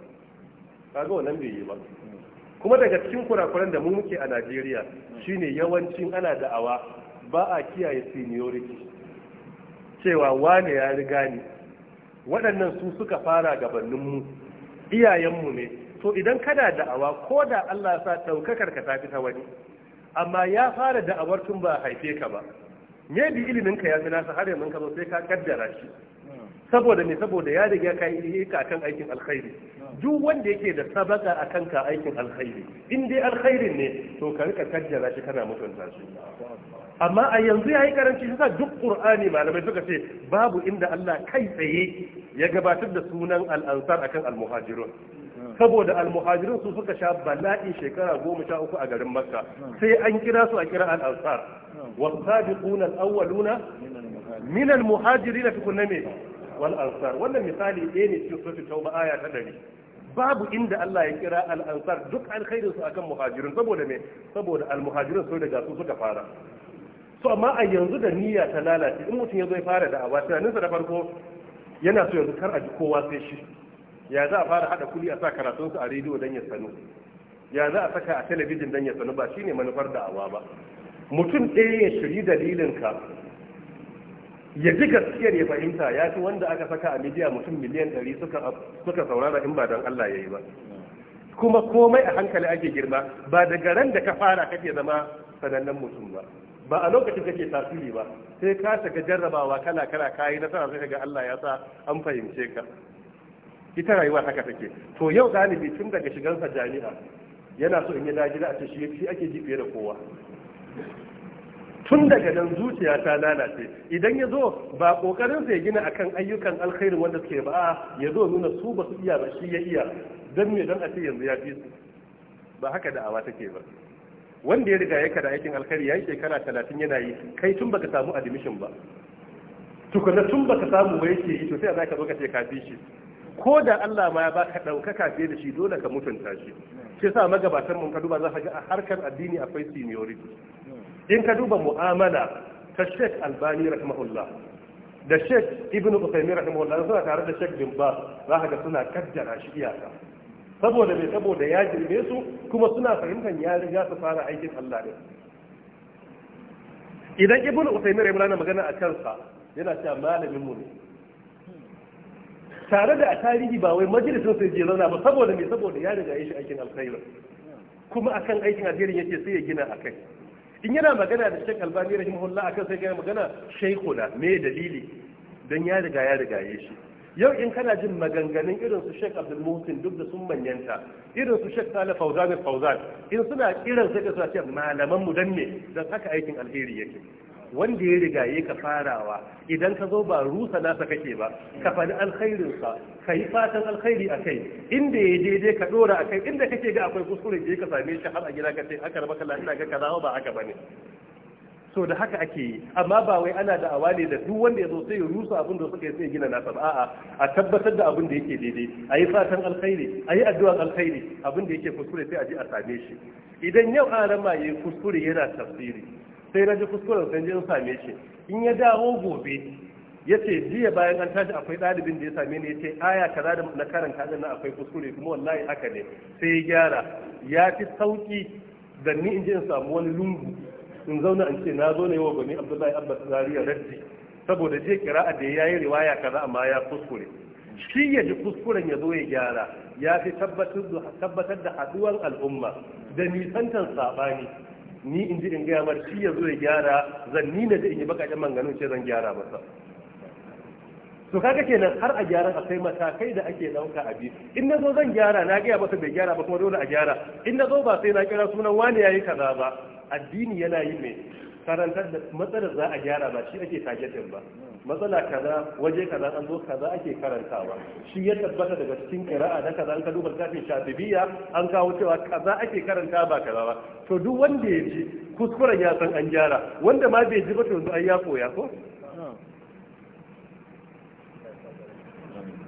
A: kaga wannan bai yi ba kuma daga cikin kurakuran da mu muke a Najeriya shine yawancin ana da'awa ba a kiyaye seniority cewa wane ya riga ni waɗannan su suka fara gabaninmu iyayenmu ne to idan kana da'awa ko da Allah sa ɗaukakar ka tafi ta wani amma ya fara da'awar tun ba haife ka ba Me bi ilimin ka ya fi nasa har yanzu ka zo sai ka kaddara shi saboda me saboda ya riga ka yi ka akan aikin alkhairi duk wanda yake da sabaka akan ka aikin alkhairi in dai alkhairin ne to ka rika kaddara shi kana mutunta shi amma a yanzu yayi karanci shi duk qur'ani malamai suka ce babu inda Allah kai tsaye ya gabatar da sunan al-ansar akan al-muhajirun saboda al-muhajirun su suka sha bala'i shekara goma sha uku a garin makka sai an kira su a kira al-ansar wasabiquna al-awwaluna min al-muhajirin tukunna me wal wannan misali ɗaya ne cikin ta tauba aya ta ɗari babu inda Allah ya kira Al'ansar duk alkhairin su akan muhajirin saboda me saboda al muhajirin su daga su suka fara To amma a yanzu da niyya ta lalace in mutum ya zo ya fara da awa tunaninsa da farko yana so yanzu kar a ji kowa sai shi ya za a fara hada kuli a sa karatun su a rediyo dan ya sanu ya za a saka a talabijin dan ya sanu ba shine manufar da awa ba mutum ɗaya ya shiri ka ya ji gaskiyar ya fahimta ya fi wanda aka saka a midiya mutum miliyan ɗari suka saurara in ba don Allah ya yi ba kuma komai a hankali ake girma ba daga ran da ka fara kake zama sanannen mutum ba ba a lokacin kake tasiri ba sai ka shiga jarrabawa kala kala kayi nasara sai daga Allah ya sa an fahimce ka ita rayuwa haka take to yau galibi tun daga shigar sa jami'a yana so in yi dajira a ce shi ake ji fiye da kowa tun daga nan zuciya ta lalace idan ya zo ba kokarin ya gina akan ayyukan alkhairin wanda suke ba ya zo nuna su ba su iya ba shi ya iya don me don a ce yanzu ya fi su ba haka da'awa take ba wanda ya riga ya kada aikin alkhairi ya yi shekara talatin yana yi kai tun baka samu admission ba tukuna tun baka samu ba yake yi to sai za ka zo ka ce ka fi shi ko da Allah ma ya baka ɗaukaka fiye da shi dole ka mutunta shi shi sa magabatan mun ka duba za ka ga a harkar addini akwai seniority in ka duba mu'amala ta Sheikh Albani rahimahullah da Sheikh Ibn Uthaymeen rahimahullah suna tare da Sheikh Bin ba za ka ga suna kaddara shi iyaka saboda me saboda ya girme su kuma suna fahimtar ya riga su fara aikin Allah ne idan Ibn Uthaymeen rahimahullah magana a kansa yana cewa malamin mu ne tare da a tarihi ba wai majalisin sai je zauna ba saboda mai saboda ya riga ya shi aikin alkhairi kuma akan aikin alherin yake sai ya gina akai in yana magana da shek albani rahimahullah akan sai ga magana shaykhuna me dalili dan ya riga ya riga ya shi yau in kana jin maganganun irin su Sheikh Abdul Muhsin duk da sun manyanta irin su Sheikh Salih fawzan fawzan in suna irin sai ka suna malaman mu dan ne dan haka aikin alheri yake wanda ya riga yi ka farawa idan ka zo ba rusa nasa kake ba ka faɗi alkhairinsa ka yi fatan alkhairi a kai inda ya daidai ka ɗora a kai inda kake ga akwai kuskure je ka same shi har a gida ka ce aka raba lafiya ga kaza ba haka bane to da haka ake yi amma ba wai ana da awali da duk wanda ya zo sai ya rusa abin da suka yi sai gina nasa ba a'a a tabbatar da abin da yake daidai a yi fatan alkhairi a yi addu'an alkhairi abin da yake kuskure sai a je a same shi idan yau an rama yi kuskure yana tafsiri sai na ji kuskuren sai in same shi in ya dawo gobe ya ce jiya bayan an tashi akwai ɗalibin da ya same ni ya ce aya kaza da na karanta din na akwai kuskure kuma wallahi haka ne sai ya gyara ya fi sauki da ni in je in samu wani lungu in zauna in ce na zo ne wa gani abdullahi abbas zariya raddi saboda je kira'a da yayi riwaya kaza amma ya kuskure shi ya ji kuskuren ya zo ya gyara ya fi tabbatar da haduwar al'umma da nisantar saɓani ni in ji in gaya mar shi ya zo ya gyara zan ni na ji in yi bakaƙen manganu ce zan gyara masa to kaga kenan har a gyara gyaran akwai matakai da ake ɗauka a biyu in na zo zan gyara na gaya masa bai gyara ba kuma dole a gyara in na zo ba sai na kira sunan wani ya yi kaza ba addini yana yi mai karantar da matsalar za a gyara ba shi ake tagetin ba matsala kaza waje kaza an zo kaza ake karantawa shi ya tabbata daga cikin kira'a na kaza an ka duba kafin shafibiya an kawo cewa kaza ake karanta ba kaza ba to duk wanda ya ji kuskuren ya san an gyara wanda ma bai ji ba to yanzu an ya koya ko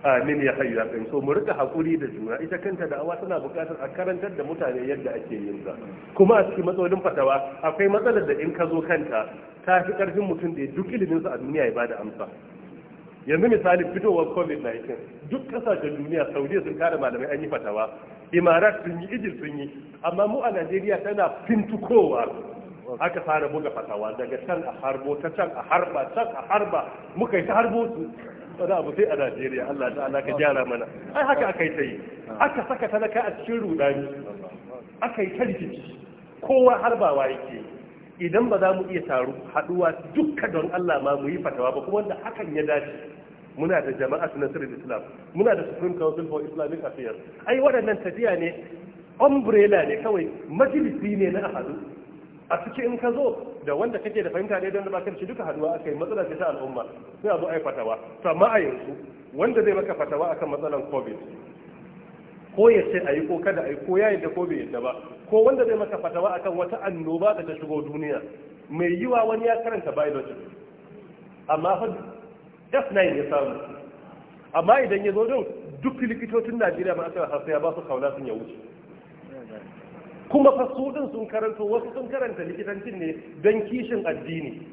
A: amin ya hayyu ya so mu rika hakuri da juna ita kanta da awa tana buƙatar a karantar da mutane yadda ake yin sa kuma a cikin matsalolin fatawa akwai matsalar da in ka zo kanta ta fi ƙarfin mutum da duk ilimin sa a duniya ya bada amsa yanzu misali fitowar covid-19 duk da duniya saudiya sun kare malamai an yi fatawa imarat sun yi ijil sun yi amma mu a najeriya tana fintukowa aka fara buga fatawa daga can a harbo ta can a harba can a harba muka yi ta harbo su wani abu sai a Najeriya Allah ta'ala ka gyara mana ai haka aka yi yi aka saka talaka a cikin rudani aka yi ta rikici kowa wa yake idan ba za mu iya taru haduwa dukka don Allah ma mu yi fatawa ba kuma wanda hakan ya dace muna da jama'a jama'at da islam muna da supreme council for islamic affairs ai waɗannan tafiya ne umbrella ne kawai majalisi ne na ahadu a cikin in ka zo da wanda kake da fahimta ne don da baka shi duka haduwa yi matsala ce ta al'umma sai a zo yi fatawa to amma a yanzu wanda zai maka fatawa akan matsalan covid ko ya ce ayi ko kada ayi ko ya yadda ko bai yadda ba ko wanda zai maka fatawa akan wata annoba da ta shigo duniya mai yiwa wani ya karanta biology amma fa F9 ya samu amma idan ya zo don duk likitocin Najeriya ba aka hasa ya ba su kauna sun ya wuce kuma fa su din sun karanto wasu sun karanta likitancin ne don kishin addini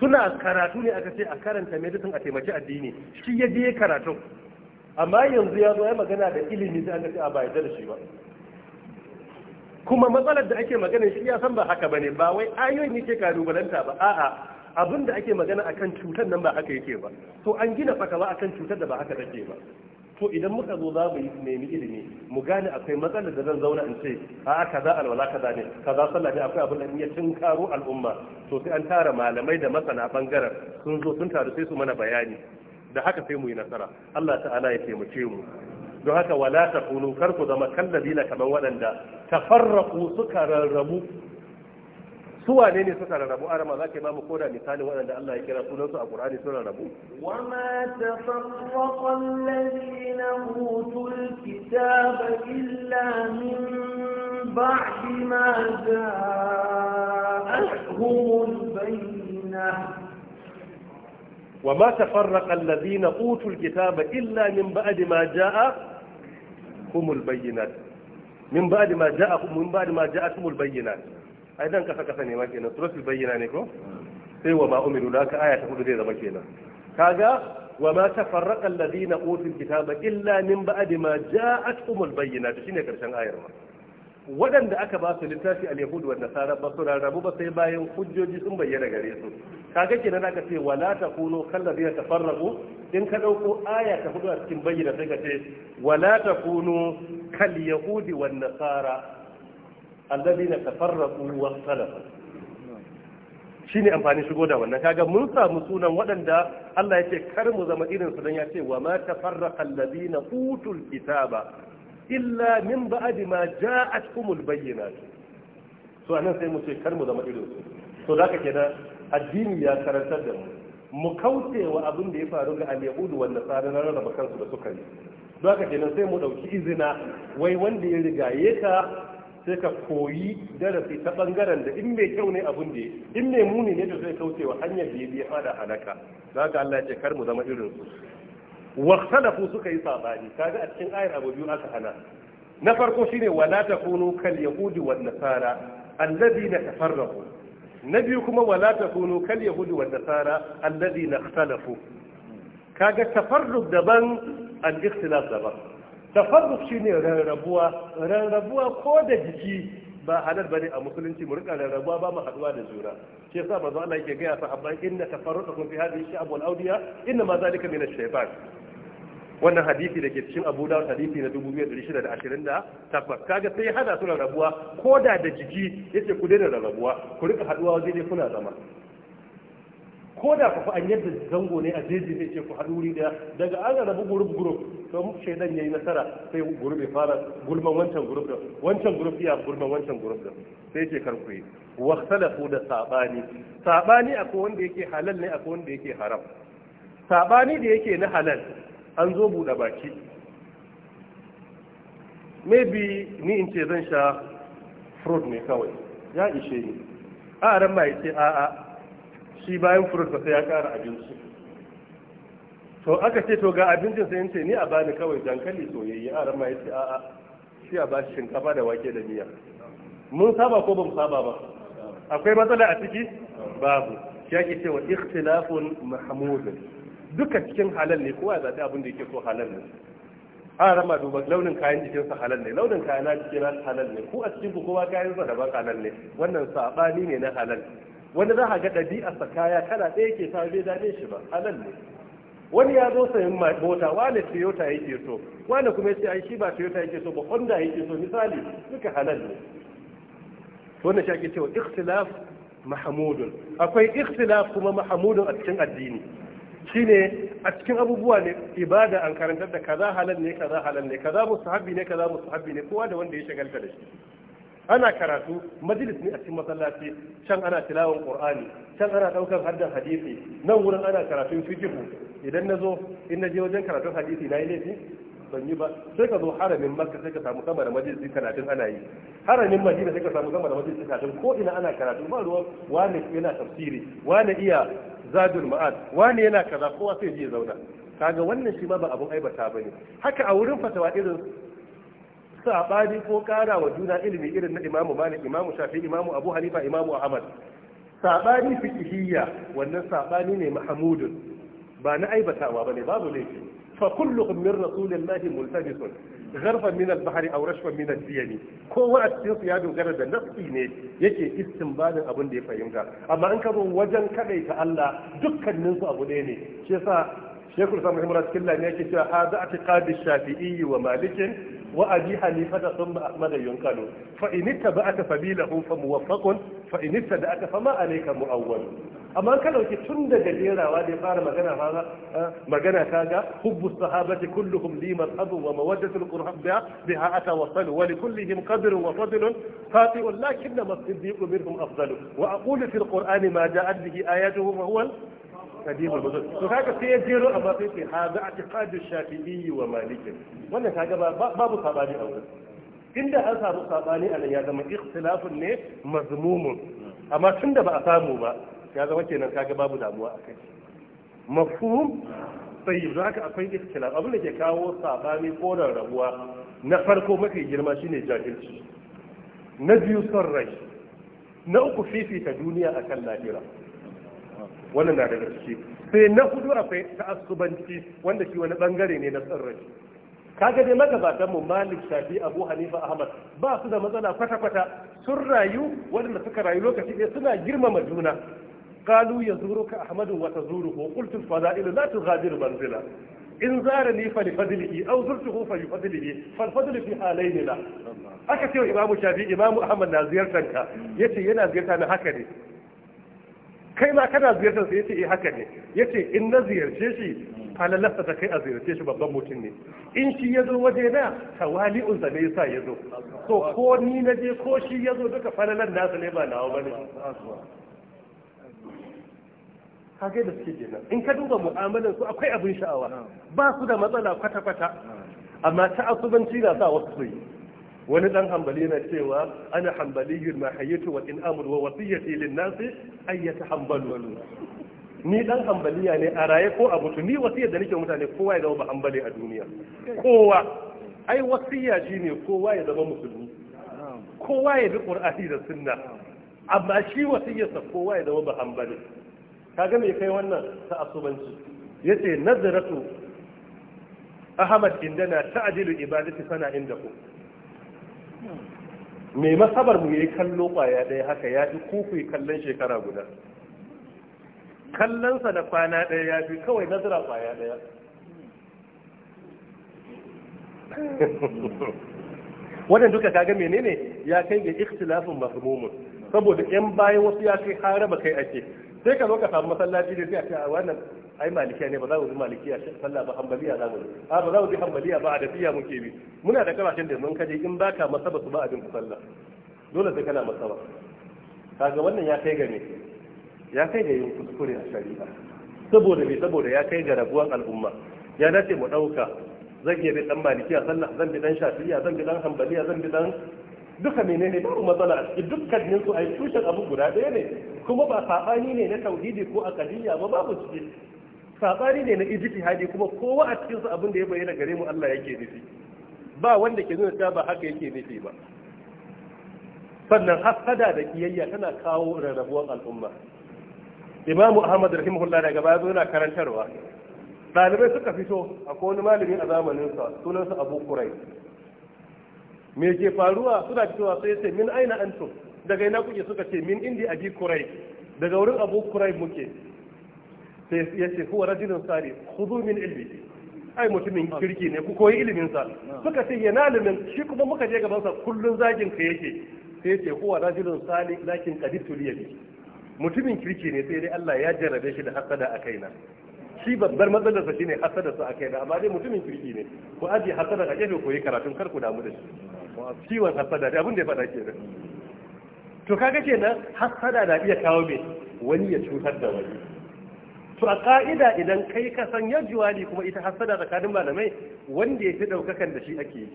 A: suna karatu ne aka ce a karanta medicine a taimaki addini shi ya je karatu amma yanzu ya zo ya magana da ilimi sai aka ce a ba da ba kuma matsalar da ake magana shi ya san ba haka bane ba wai ayoyin yake kalubalanta ba a'a abin da ake magana akan cutar nan ba haka yake ba to an gina fakawa akan cutar da ba haka take ba to idan muka zo za mu yi nemi ilimi mu gane akwai matsalar da zan zauna in ce a kaza alwala kaza ne kaza sallah ne akwai abin da in ya tunkaro al'umma to sai an tara malamai da masana bangaren sun zo sun taru sai su mana bayani da haka sai mu yi nasara Allah ta'ala ya taimake mu don haka wala kunu kar ku zama kallabi kamar kaman waɗanda tafarraku suka rarrabu su wane ne suka rarrabu arama za ka ba mu koda misalin waɗanda Allah ya kira sunansu a Qur'ani sun rarrabu
B: wama tafarraqa allazina utul kitaba illa min ba'di ma ja'ahumul bayyinah
A: وما تفرق الذين أوتوا الكتاب إلا من بعد ما جاءهم البينات من بعد ما جاءهم من بعد ما جاءتهم البينات ai dan kasa kasa ne ma kenan suratul bayyana ne ko sai wa ma umiru da ka aya ta hudu zai zama kenan kaga wa ma tafarraqa alladhina utul kitaba illa min ba'di ma bayyana bayyinatu shine karshen ayar ma waɗanda aka ba su littafi al yahudu wa nasara ba su rarrabu ba sai bayan hujjoji sun bayyana gare su kaga kenan aka ce wala takunu kallazina tafarraqu in ka dauko aya ta hudu a cikin bayyana sai ka ce wala takunu kal yahudi wa nasara na tafarraqu wa Shi shine amfani shigo da wannan kaga mun samu sunan waɗanda Allah ya ce kar mu zama irin su dan ya ce wa ma tafarraqa alladina utul kitaba illa min ba'di ma ja'atkumul bayyinat so anan sai mu ce kar mu zama irin su so zaka ke da addini ya karantar da mu mu kauce wa abin da ya faru ga al-yahudu wa nasara na rarraba kansu da suka yi zaka haka kenan sai mu dauki izina wai wanda ya rigaye ka sai ka koyi darasi ta bangaren da in mai kyau ne abun da in mai muni ne da zai kaucewa hanyar da ya biya fada halaka za ka Allah ce kar mu zama irin su waxtalafu suka yi sabani kaga a cikin ayar abu biyu aka hana na farko shine wala takunu kal yahudi wan nasara alladhina tafarraqu na biyu kuma wala takunu kal yahudi wan nasara alladhina ikhtalafu kaga tafarruq daban al-ikhtilaf daban tafarruk shine rarrabuwa rarrabuwa ko da jiki ba halar bane a musulunci mu rika rarrabuwa ba mu haduwa da jura shi yasa manzo Allah yake ga yasa sahabbai inna kun fi hadhihi shi'ab wal awdiya inna ma zalika min ash-shaytan wannan hadisi da ke cikin Abu Dawud hadisi na 2628 kaga sai hada su rarrabuwa ko da da jiki yace ku daina rarrabuwa ku rika haduwa waje dai kuna zama ko da kafa an yadda zango ne a jeji zai ce ku haɗu wuri daga an rabu gurub gurub to shaidan yayi nasara sai gurub ya fara gulman wancan gurub da wancan gurub ya gulman wancan gurub da sai ce kar ku yi khalafu da sabani sabani akwai wanda yake halal ne akwai wanda yake haram sabani da yake na halal an zo buɗe baki maybe ni in ce zan sha fruit ne kawai ya ishe ni a ran ma ya ce a'a shi bayan furutsa sai ya ƙara abinci to aka ce to ga abincin sai ce ni a bani kawai dankali soyayye a rama ya ce a'a shi a bashi shinkafa da wake da miya mun saba ko bamu saba ba akwai matsala a ciki babu shi ake cewa ikhtilafun mahmudun duka cikin halal ne kowa zaɓi abin da yake so halal ne a rama duba launin kayan jikinsa halal ne launin kayan jikina halal ne ko a cikin kowa kayan sa daban halal ne wannan sabani ne na halal wani za a ga ɗabi'arsa kaya kana ɗaya ke sa bai dame shi ba halal ne wani ya zo sayan mota wani toyota yake so wani kuma ya ce ai shi ba toyota yake so ba honda yake so misali duka halal ne wannan shi ake cewa ikhtilaf mahmudun akwai ikhtilaf kuma mahmudun a cikin addini shine a cikin abubuwa ne ibada an karantar da kaza halal ne kaza halal ne kaza musahabi ne kaza musahabi ne kowa da wanda ya shagalta da shi ana karatu majalis ne a cikin masallaci can ana tilawan qur'ani can ana daukan haddan hadisi nan wurin ana karatun fikihu idan nazo in naje wajen karatun hadisi na yi laifi ban yi ba sai ka zo haramin makka sai ka samu sama da majalisi karatun ana yi haramin madina sai ka samu sama da majalisi karatun ko ina ana karatu ba ruwa wani yana tafsiri wani iya zadul ma'ad wani yana kaza kowa sai je zauna kaga wannan shi ba abun aibata bane haka a wurin fatawa irin saɓani ko kara wa juna ilimi irin na imamu malik imamu shafi imamu abu hanifa imamu ahmad saɓani fiqhiyya wannan saɓani ne mahmudun ba na aibatawa bane babu laifi fa kulluhum min rasulillahi multabisun gharfan min al-bahri aw rashfan min al-diyam kowa a cikin ya dogara da nafsi ne yake istinbadin abin da ya fahimta amma an karo wajen kadaita Allah dukkanin su abu ɗaya ne shi yasa Shekul Sami Himra cikin lamiya ke cewa hada atiqadi Shafi'i wa Malikin wa abi hanifata thumma ahmad yunqalu fa in ittaba'aka sabilahu fa muwaffaqun fa in ittada'aka fama alayka mu'awwal amma ka dauki tun daga jerawa da ya fara magana fara magana kaga hubbu sahabati kulluhum li madhhabun wa mawaddatu alqurba biha atawassalu wa li kullihim qadrun wa fadlun fati'un lakinna masiddiqu minhum afdalu wa aqulu fil qur'ani ma ja'at bihi ayatuhu fa huwa qadimul mazhab to kaga sai ya jero amma sai ce hada atiqadu shafi'i wa maliki wannan kaga babu sabani a wurin inda an samu sabani a nan ya zama ikhtilafun ne mazmumun amma tunda ba a samu ba ya zama kenan kaga babu damuwa a akai mafhum tayyib za ka akwai ikhtilaf abin da ke kawo sabani ko rabuwa na farko mafi girma shine jahilci na biyu son rai na uku fifita duniya akan lahira wannan na daga ciki sai na hudu akwai ta'assubanci wanda shi wani bangare ne na tsarrafi kaga dai magabatan mu Malik Shafi Abu Hanifa Ahmad ba su da matsala kwata kwata sun rayu wanda suka rayu lokaci ɗaya suna girmama juna قالوا يزورك أحمد وتزوره qultu fadailu la tughadir manzila in zara ni fa lifadlihi aw zurtuhu fa lifadlihi fal fadlu fi halayn la aka ce imamu shafi imamu ahmad na ziyartanka yace yana ziyarta na haka ne kai ma kana ziyartar sai yace eh haka ne yace in na ziyarce shi halalasta ta kai a ziyarce shi babban mutum ne in shi ya zo waje na tawali'un zane ne yasa ya zo so ko ni na je ko shi ya zo duka falalan su ne ba nawa bane kage da suke kenan in ka duba mu'amalan su akwai abin sha'awa ba su da matsala kwata kwata amma ta asubanci na sa wasu su yi wani dan hambali yana cewa ana hambaliyyun ma hayyatu wa in amru wa wasiyati lin nas ay yatahambalu ni dan hambaliya ne a raye ko a mutu ni wasiyar da nake mutane kowa ya zama ba hambali a duniya kowa ai wasiya shine kowa ya zama musulmi kowa ya bi qur'ani da sunna amma shi wasiyarsa kowa ya zama ba hambali kaga me kai wannan ta asubanci yace nazaratu ahmad indana ta'dilu ibadati da ku. mai masabar mu yi kallo kwaya ɗaya haka ya fi kuku kallon shekara guda kallonsa da kwana ɗaya ya fi kawai nazara kwaya ɗaya (laughs) wannan duka kaga menene ya kai ga ikhtilafin mafhumun saboda yan bayan wasu ya kai haraba kai ake sai ka zo ka samu masallaci da sai a ce a wannan ai malikiya ne ba za mu bi malikiya sallah ba hanbaliya za mu bi a ba za mu bi hanbaliya ba adafiya muke bi muna da kamashin da mun kaje in baka masaba su ba a dinku sallah dole sai kana masaba kaga wannan ya kai ga me ya kai ga yin kuskure a shari'a saboda me saboda ya kai ga rabuwan al'umma ya dace mu dauka zan iya bi dan malikiya sallah zan bi dan shafi'iya zan bi dan hanbaliya zan bi dan duka menene babu matsala a cikin dukkanin su yi tushen abu guda ɗaya ne kuma ba saɓani ne na tauhidi ko a akadiyya ba babu ciki saɓani ne na hadi kuma kowa a cikinsu su abin da ya bayyana gare mu Allah ke nufi ba wanda ke nuna cewa ba haka yake nufi ba sannan hasada da kiyayya tana kawo rarrabuwar al'umma imamu ahmad rahimahullah daga baya zo yana karantarwa ɗalibai suka fito akwai wani malamin a zamanin zamaninsa sunansa abu kurai me ke faruwa suna fitowa sai ce min aina antum daga ina kuke suka ce min indi abi kurai daga wurin abu kurai muke sai ya ce huwa rajulun sari khudhu min ilmi ai mutumin kirki ne ku koyi ilimin sa suka ce yana limin shi kuma muka je gaban sa kullun zagin ka yake sai ya ce huwa rajulun sali lakin qadittu li mutumin kirki ne sai dai Allah ya jarrabe shi da hasada a kaina shi babbar matsalarsa shine hasada su a kaina amma dai mutumin kirki ne ku aje hasada ka ku koyi karatun kar ku damu da shi ciwon hasada da abin da ya faɗa kenan to kaga ke kenan hasada na iya kawo mai wani ya cutar da wani to a ka'ida idan kai ka san yajuwa ne kuma ita hasada tsakanin malamai wanda ya fi ɗaukakan da shi ake yi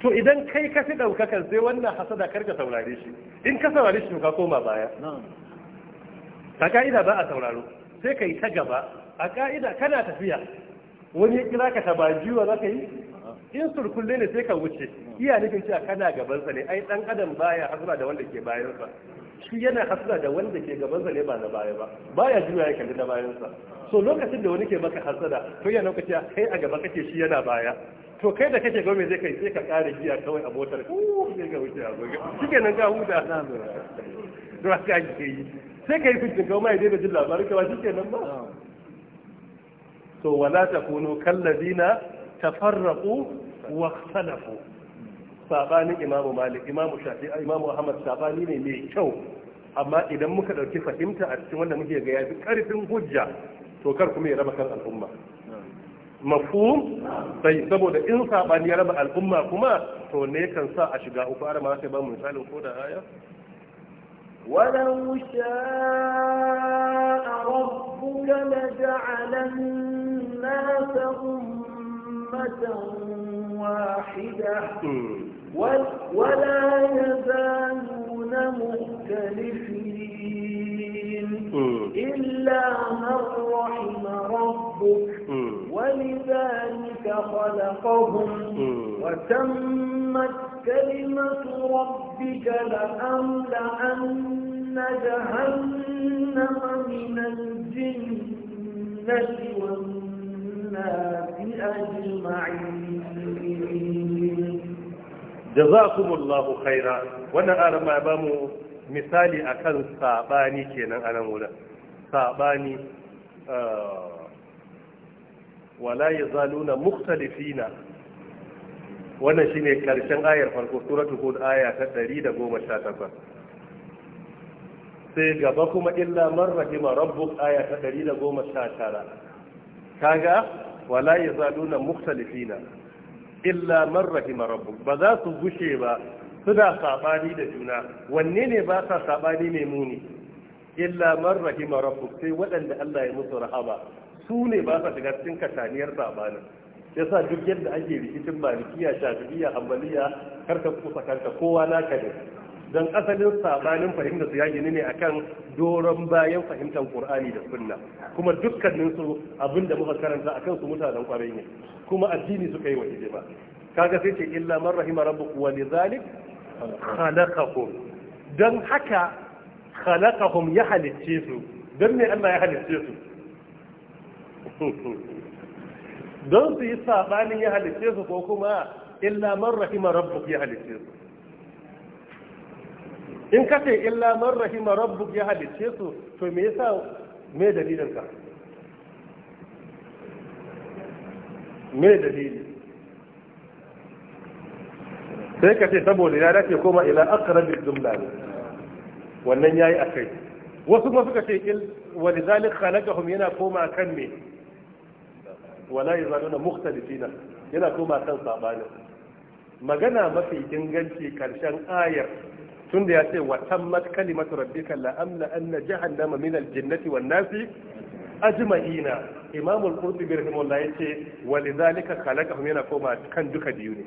A: to idan kai ka fi ɗaukakan sai wannan hasada karka saurare shi in ka saurare shi to ka koma baya a ka'ida ba a sauraro sai ka yi ta gaba a ka'ida kana tafiya wani ya kira ka ta bajiwa za ka yi in surkulle ne sai ka wuce iya nufin cewa kana gabansa ne ai dan adam baya hasra da wanda ke sa. shi yana hasra da wanda ke gabansa ne ba na baya ba baya juya ya kalli na sa. so lokacin da wani ke maka hasada to yana lokaci kai a gaba kake shi yana baya to kai da kake gome zai kai sai ka kare giya kawai a motar sai ka wuce a gobe shike nan ka huda to haka ke yi sai ka yi fitin kawai mai daina jin labarin kawai shike nan ba to wala takunu kallazina tafarraqu wa ikhtalafu sabanin imamu malik imamu shafi imamu ahmad sabani ne mai kyau amma idan muka dauki fahimta a cikin wanda muke ga yafi karfin hujja to kar kuma ya raba kan al'umma mafhum sai saboda in sabani ya raba al'umma kuma to ne kan sa a shiga uku ma sai ba mu misalin ko da aya
B: ولو شاء ربك لجعل الناس أمة واحدة ولا يزالون مختلفين إلا من رحم ربك ولذلك خلقهم وتمت كلمة ربك لأملأن جهنم من الجنة والنار
A: jazakumullahu khaira wannan aran ma ba mu misali akan sabani kenan a nan wurin sabani eh, wala yazaluna mukhtalifina wannan shine karshen ayar farko suratul hud aya ta 118 sai gaba kuma illa man rahima rabbuk aya ta 119 kaga wala yazaluna mukhtalifina illa man rahima rabbuk ba za su gushe ba suna sabani da juna wanne ne ba sa sabani mai muni illa man rahima rabbuk sai waɗanda Allah ya musu rahama su ne ba sa shiga cikin kataniyar sabanin yasa duk yadda ake rikicin malikiya shafi'iya ambaliya karka kusa karka kowa naka ne don asalin sabanin fahimta su ya gini ne akan doron bayan fahimtar Qur'ani da Sunna kuma dukkanin su abinda muka karanta akan su mutanen kwarai ne kuma addini suka yi wa hijima kaga sai ce illa man rahima rabbuk wa lidhalik khalaqakum dan haka khalaqahum ya halicce su dan me Allah ya halicce su (laughs) don su yi sabanin ya halicce su ko kuma illa man rahima rabbuk ya halicce su in ka ce illa man rahima rabbuk ya halicce su to me yasa me dalilin ka me dalili sai ka ce saboda ya dace koma ila aqrabil jumla ne wannan yayi akai wasu kuma suka ce il lidhalik khalaqahum yana koma kan me wala yazaluna mukhtalifina yana koma kan sabani magana mafi inganci karshen ayar tunda ya ce wa tammat kalimatu rabbika la amla anna jahannama min al-jannati wan nasi ajma'ina imam al-qurtubi rahimahullah yace walidhalika khalaqahum yana koma kan duka biyu ne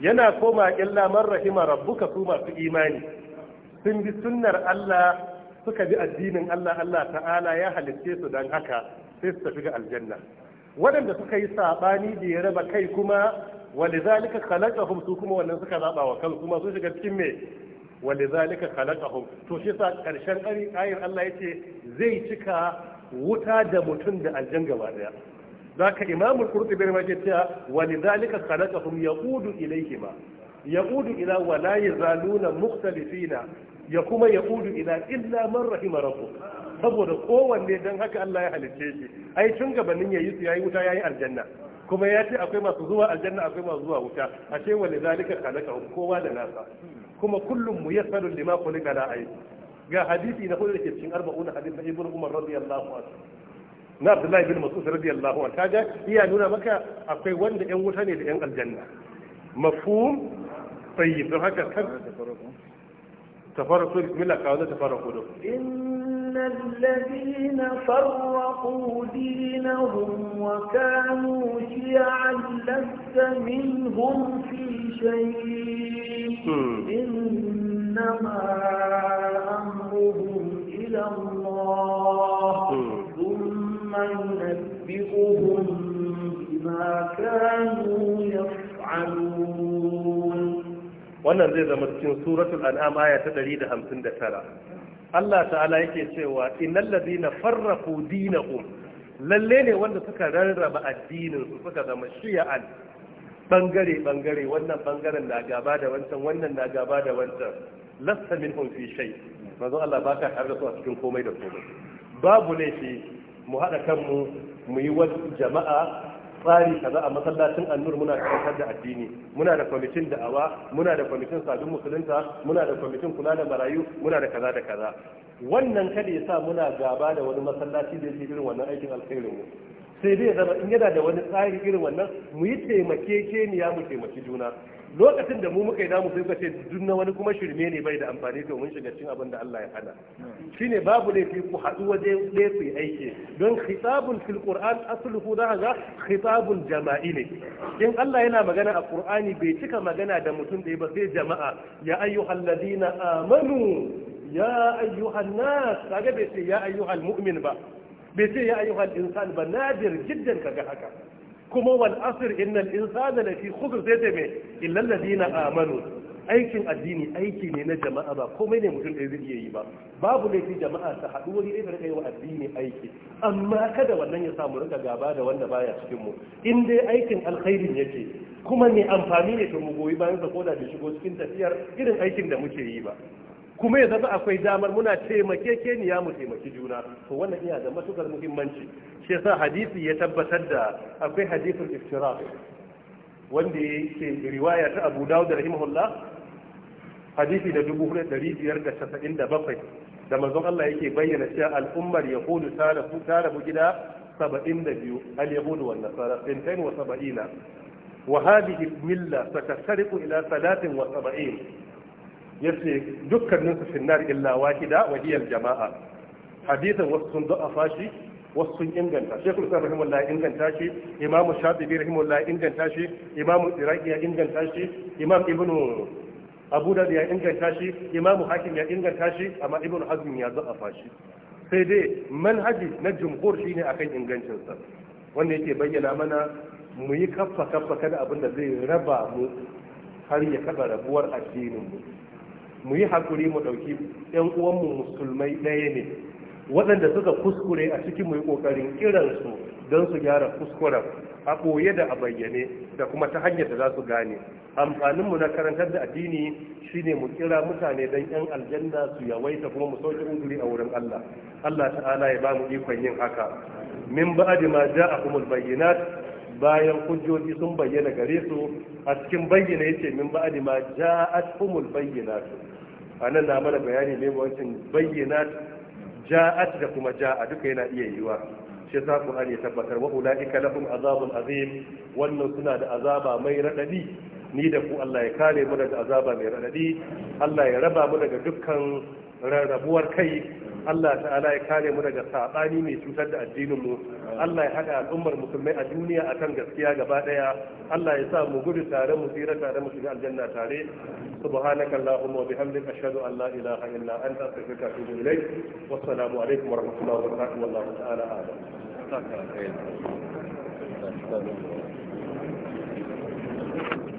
A: yana koma illa man rahima rabbuka su masu imani sun bi sunnar Allah suka bi addinin Allah Allah ta'ala ya halitte su dan haka sai su tafi ga aljanna waɗanda suka yi saɓani da ya raba kai kuma ولذلك خلقهم su kuma wannan suka zaba wa kansu kuma su shiga cikin me ولذلك خلقهم to shi sa karshen ayin Allah yace zai cika wuta da mutum da aljan gaba daya zaka imamul qurtubi ma ke cewa ولذلك خلقهم يقود إليهما يقود إلى ولا يزالون مختلفين ya kuma ya udu ila illa man rahima rabbu saboda kowanne dan haka Allah ya halicce shi ai tun gabanin yayi su yayi wuta yayi aljanna kuma ya ce akwai masu zuwa aljanna akwai masu zuwa wuta wani zalika lidhalika khalaqahum kowa da nasa kuma kullum mu muyassaru lima kulli kala ayi ga hadisi na kullu da ke cikin arba'un hadisi na ibnu umar radiyallahu anhu na abdullahi bin mas'ud radiyallahu anhu kaga iya nuna maka akwai wanda yan wuta ne da yan aljanna mafhum tayyib don haka kan tafarruqu bismillah ka wanda tafarruqu
B: إن الذين فرقوا دينهم وكانوا شيعا لست منهم في شيء إنما أمرهم إلى الله ثم ينبئهم بما كانوا يفعلون
A: wannan zai zama cikin suratul an'am aya ta 159 Allah ta'ala yake cewa innal ladina farraqu dinahum lalle ne wanda suka rarraba addinin su suka zama shi'an bangare bangare wannan bangaren na gaba da wancan wannan na gaba da wancan lasta minhum fi shay manzo Allah baka tare da su a cikin komai da komai babu laifi mu hada kanmu mu yi wata jama'a tsari kaza a masallacin annur muna karantar da addini muna da kwamitin da'awa muna da kwamitin sabin musulunta muna da kwamitin kula da marayu muna da kaza da kaza wannan kada ya sa muna gaba da wani masallaci da yake irin wannan aikin alkhairin mu sai dai zama in yana da wani tsari irin wannan mu yi taimakekeniya mu taimaki juna lokacin da mu muka yi namu sai ka ce duk na wani kuma shirme ne bai da amfani to mun shiga cikin abin da Allah ya hana shine babu laifi ku haɗu waje ɗaya ku yi aiki don khitabun fil qur'an asluhu da ga khitabun jama'i ne in Allah yana magana a qur'ani bai cika magana da mutum ɗaya ba sai jama'a ya ayyuhal ladina amanu ya ayyuhan nas kaga bai ce ya ayyuhal mu'min ba bai ce ya ayyuhal insan ba nadir jiddan kaga haka kuma wal asr innal insana lafi khusr sai ta me illal ladina amanu aikin addini aiki ne na jama'a ba komai ne mutum ɗaya zai yi ba babu laifi jama'a ta haɗu wani ɗaya da wa addini aiki amma kada wannan ya samu rika gaba da wanda baya cikin mu in dai aikin alkhairi yake kuma ne amfani ne to mu goyi bayan sa koda da shigo cikin tafiyar irin aikin da muke yi ba kuma ya zama akwai damar muna taimake taimakekeniya mu taimaki juna to wannan iya da matukar muhimmanci shi yasa hadisi ya tabbatar da akwai hadisin iftiraf wanda yake riwaya ta Abu Dawud rahimahullah hadisi da 4597 da manzon Allah yake bayyana cewa al'ummar yahudu ta rabu ta rabu gida 72 al-yahudu wan nasara 72 wa hadhihi al-milla satasariqu ila 73 Ya dukkanin dukkaninsu finnar illa wahida wa hiya jamaa hadisin wasu sun da'afa fashi, wasu sun inganta shekul sa rahimullah inganta shi imam shafi'i rahimullah inganta shi imam iraqi ya inganta shi imam ibnu abu da ya inganta shi imam hakim ya inganta shi amma ibnu hazm ya da'afa fashi. sai dai manhaji na jumhur shine akan ingancinsa wanda yake bayyana mana mu yi kaffa kaffa kada abin da zai raba mu har ya kaba rabuwar addinin mu mu yi hakuri mu ɗauki ‘yan uwanmu musulmai ɗaya ne waɗanda suka kuskure a cikin mu yi ƙoƙarin kiransu don su gyara kuskuren a ɓoye da a bayyane da kuma ta hanyar da za su gane amfaninmu na karantar da addini shine mu kira mutane don yan aljanna su yawaita kuma mu sauke unguri a wurin Allah Allah ta'ala ya ba mu ikon yin haka min ba'di ma ja'akumul bayyinat bayan hujjoji sun bayyana gare su a cikin bayyana yace min ba'di ma ja'at humul bayyinat anan na mana bayani ne wancin bayyinat ja'at da kuma ja'a duka yana iya yiwa shi yasa Qur'ani ya tabbatar wa ulaika lahum azabun azim wannan suna da azaba mai radadi ni da ku Allah ya kare mu daga azaba mai radadi Allah ya raba mu daga dukkan rarrabuwar kai Allah ta'ala ya kare mu daga saɓani mai cutar da addininmu Allah ya haɗa al'ummar musulmai a duniya akan gaskiya gaba ɗaya Allah ya sa mu gudu tare mu tsira tare mu shiga aljanna tare subhanaka allahumma wa bihamdika ashhadu an la ilaha illa anta astaghfiruka wa atubu ilayk wassalamu alaikum wa rahmatullahi wa barakatuh wallahu ta'ala a'lam Thank
B: you.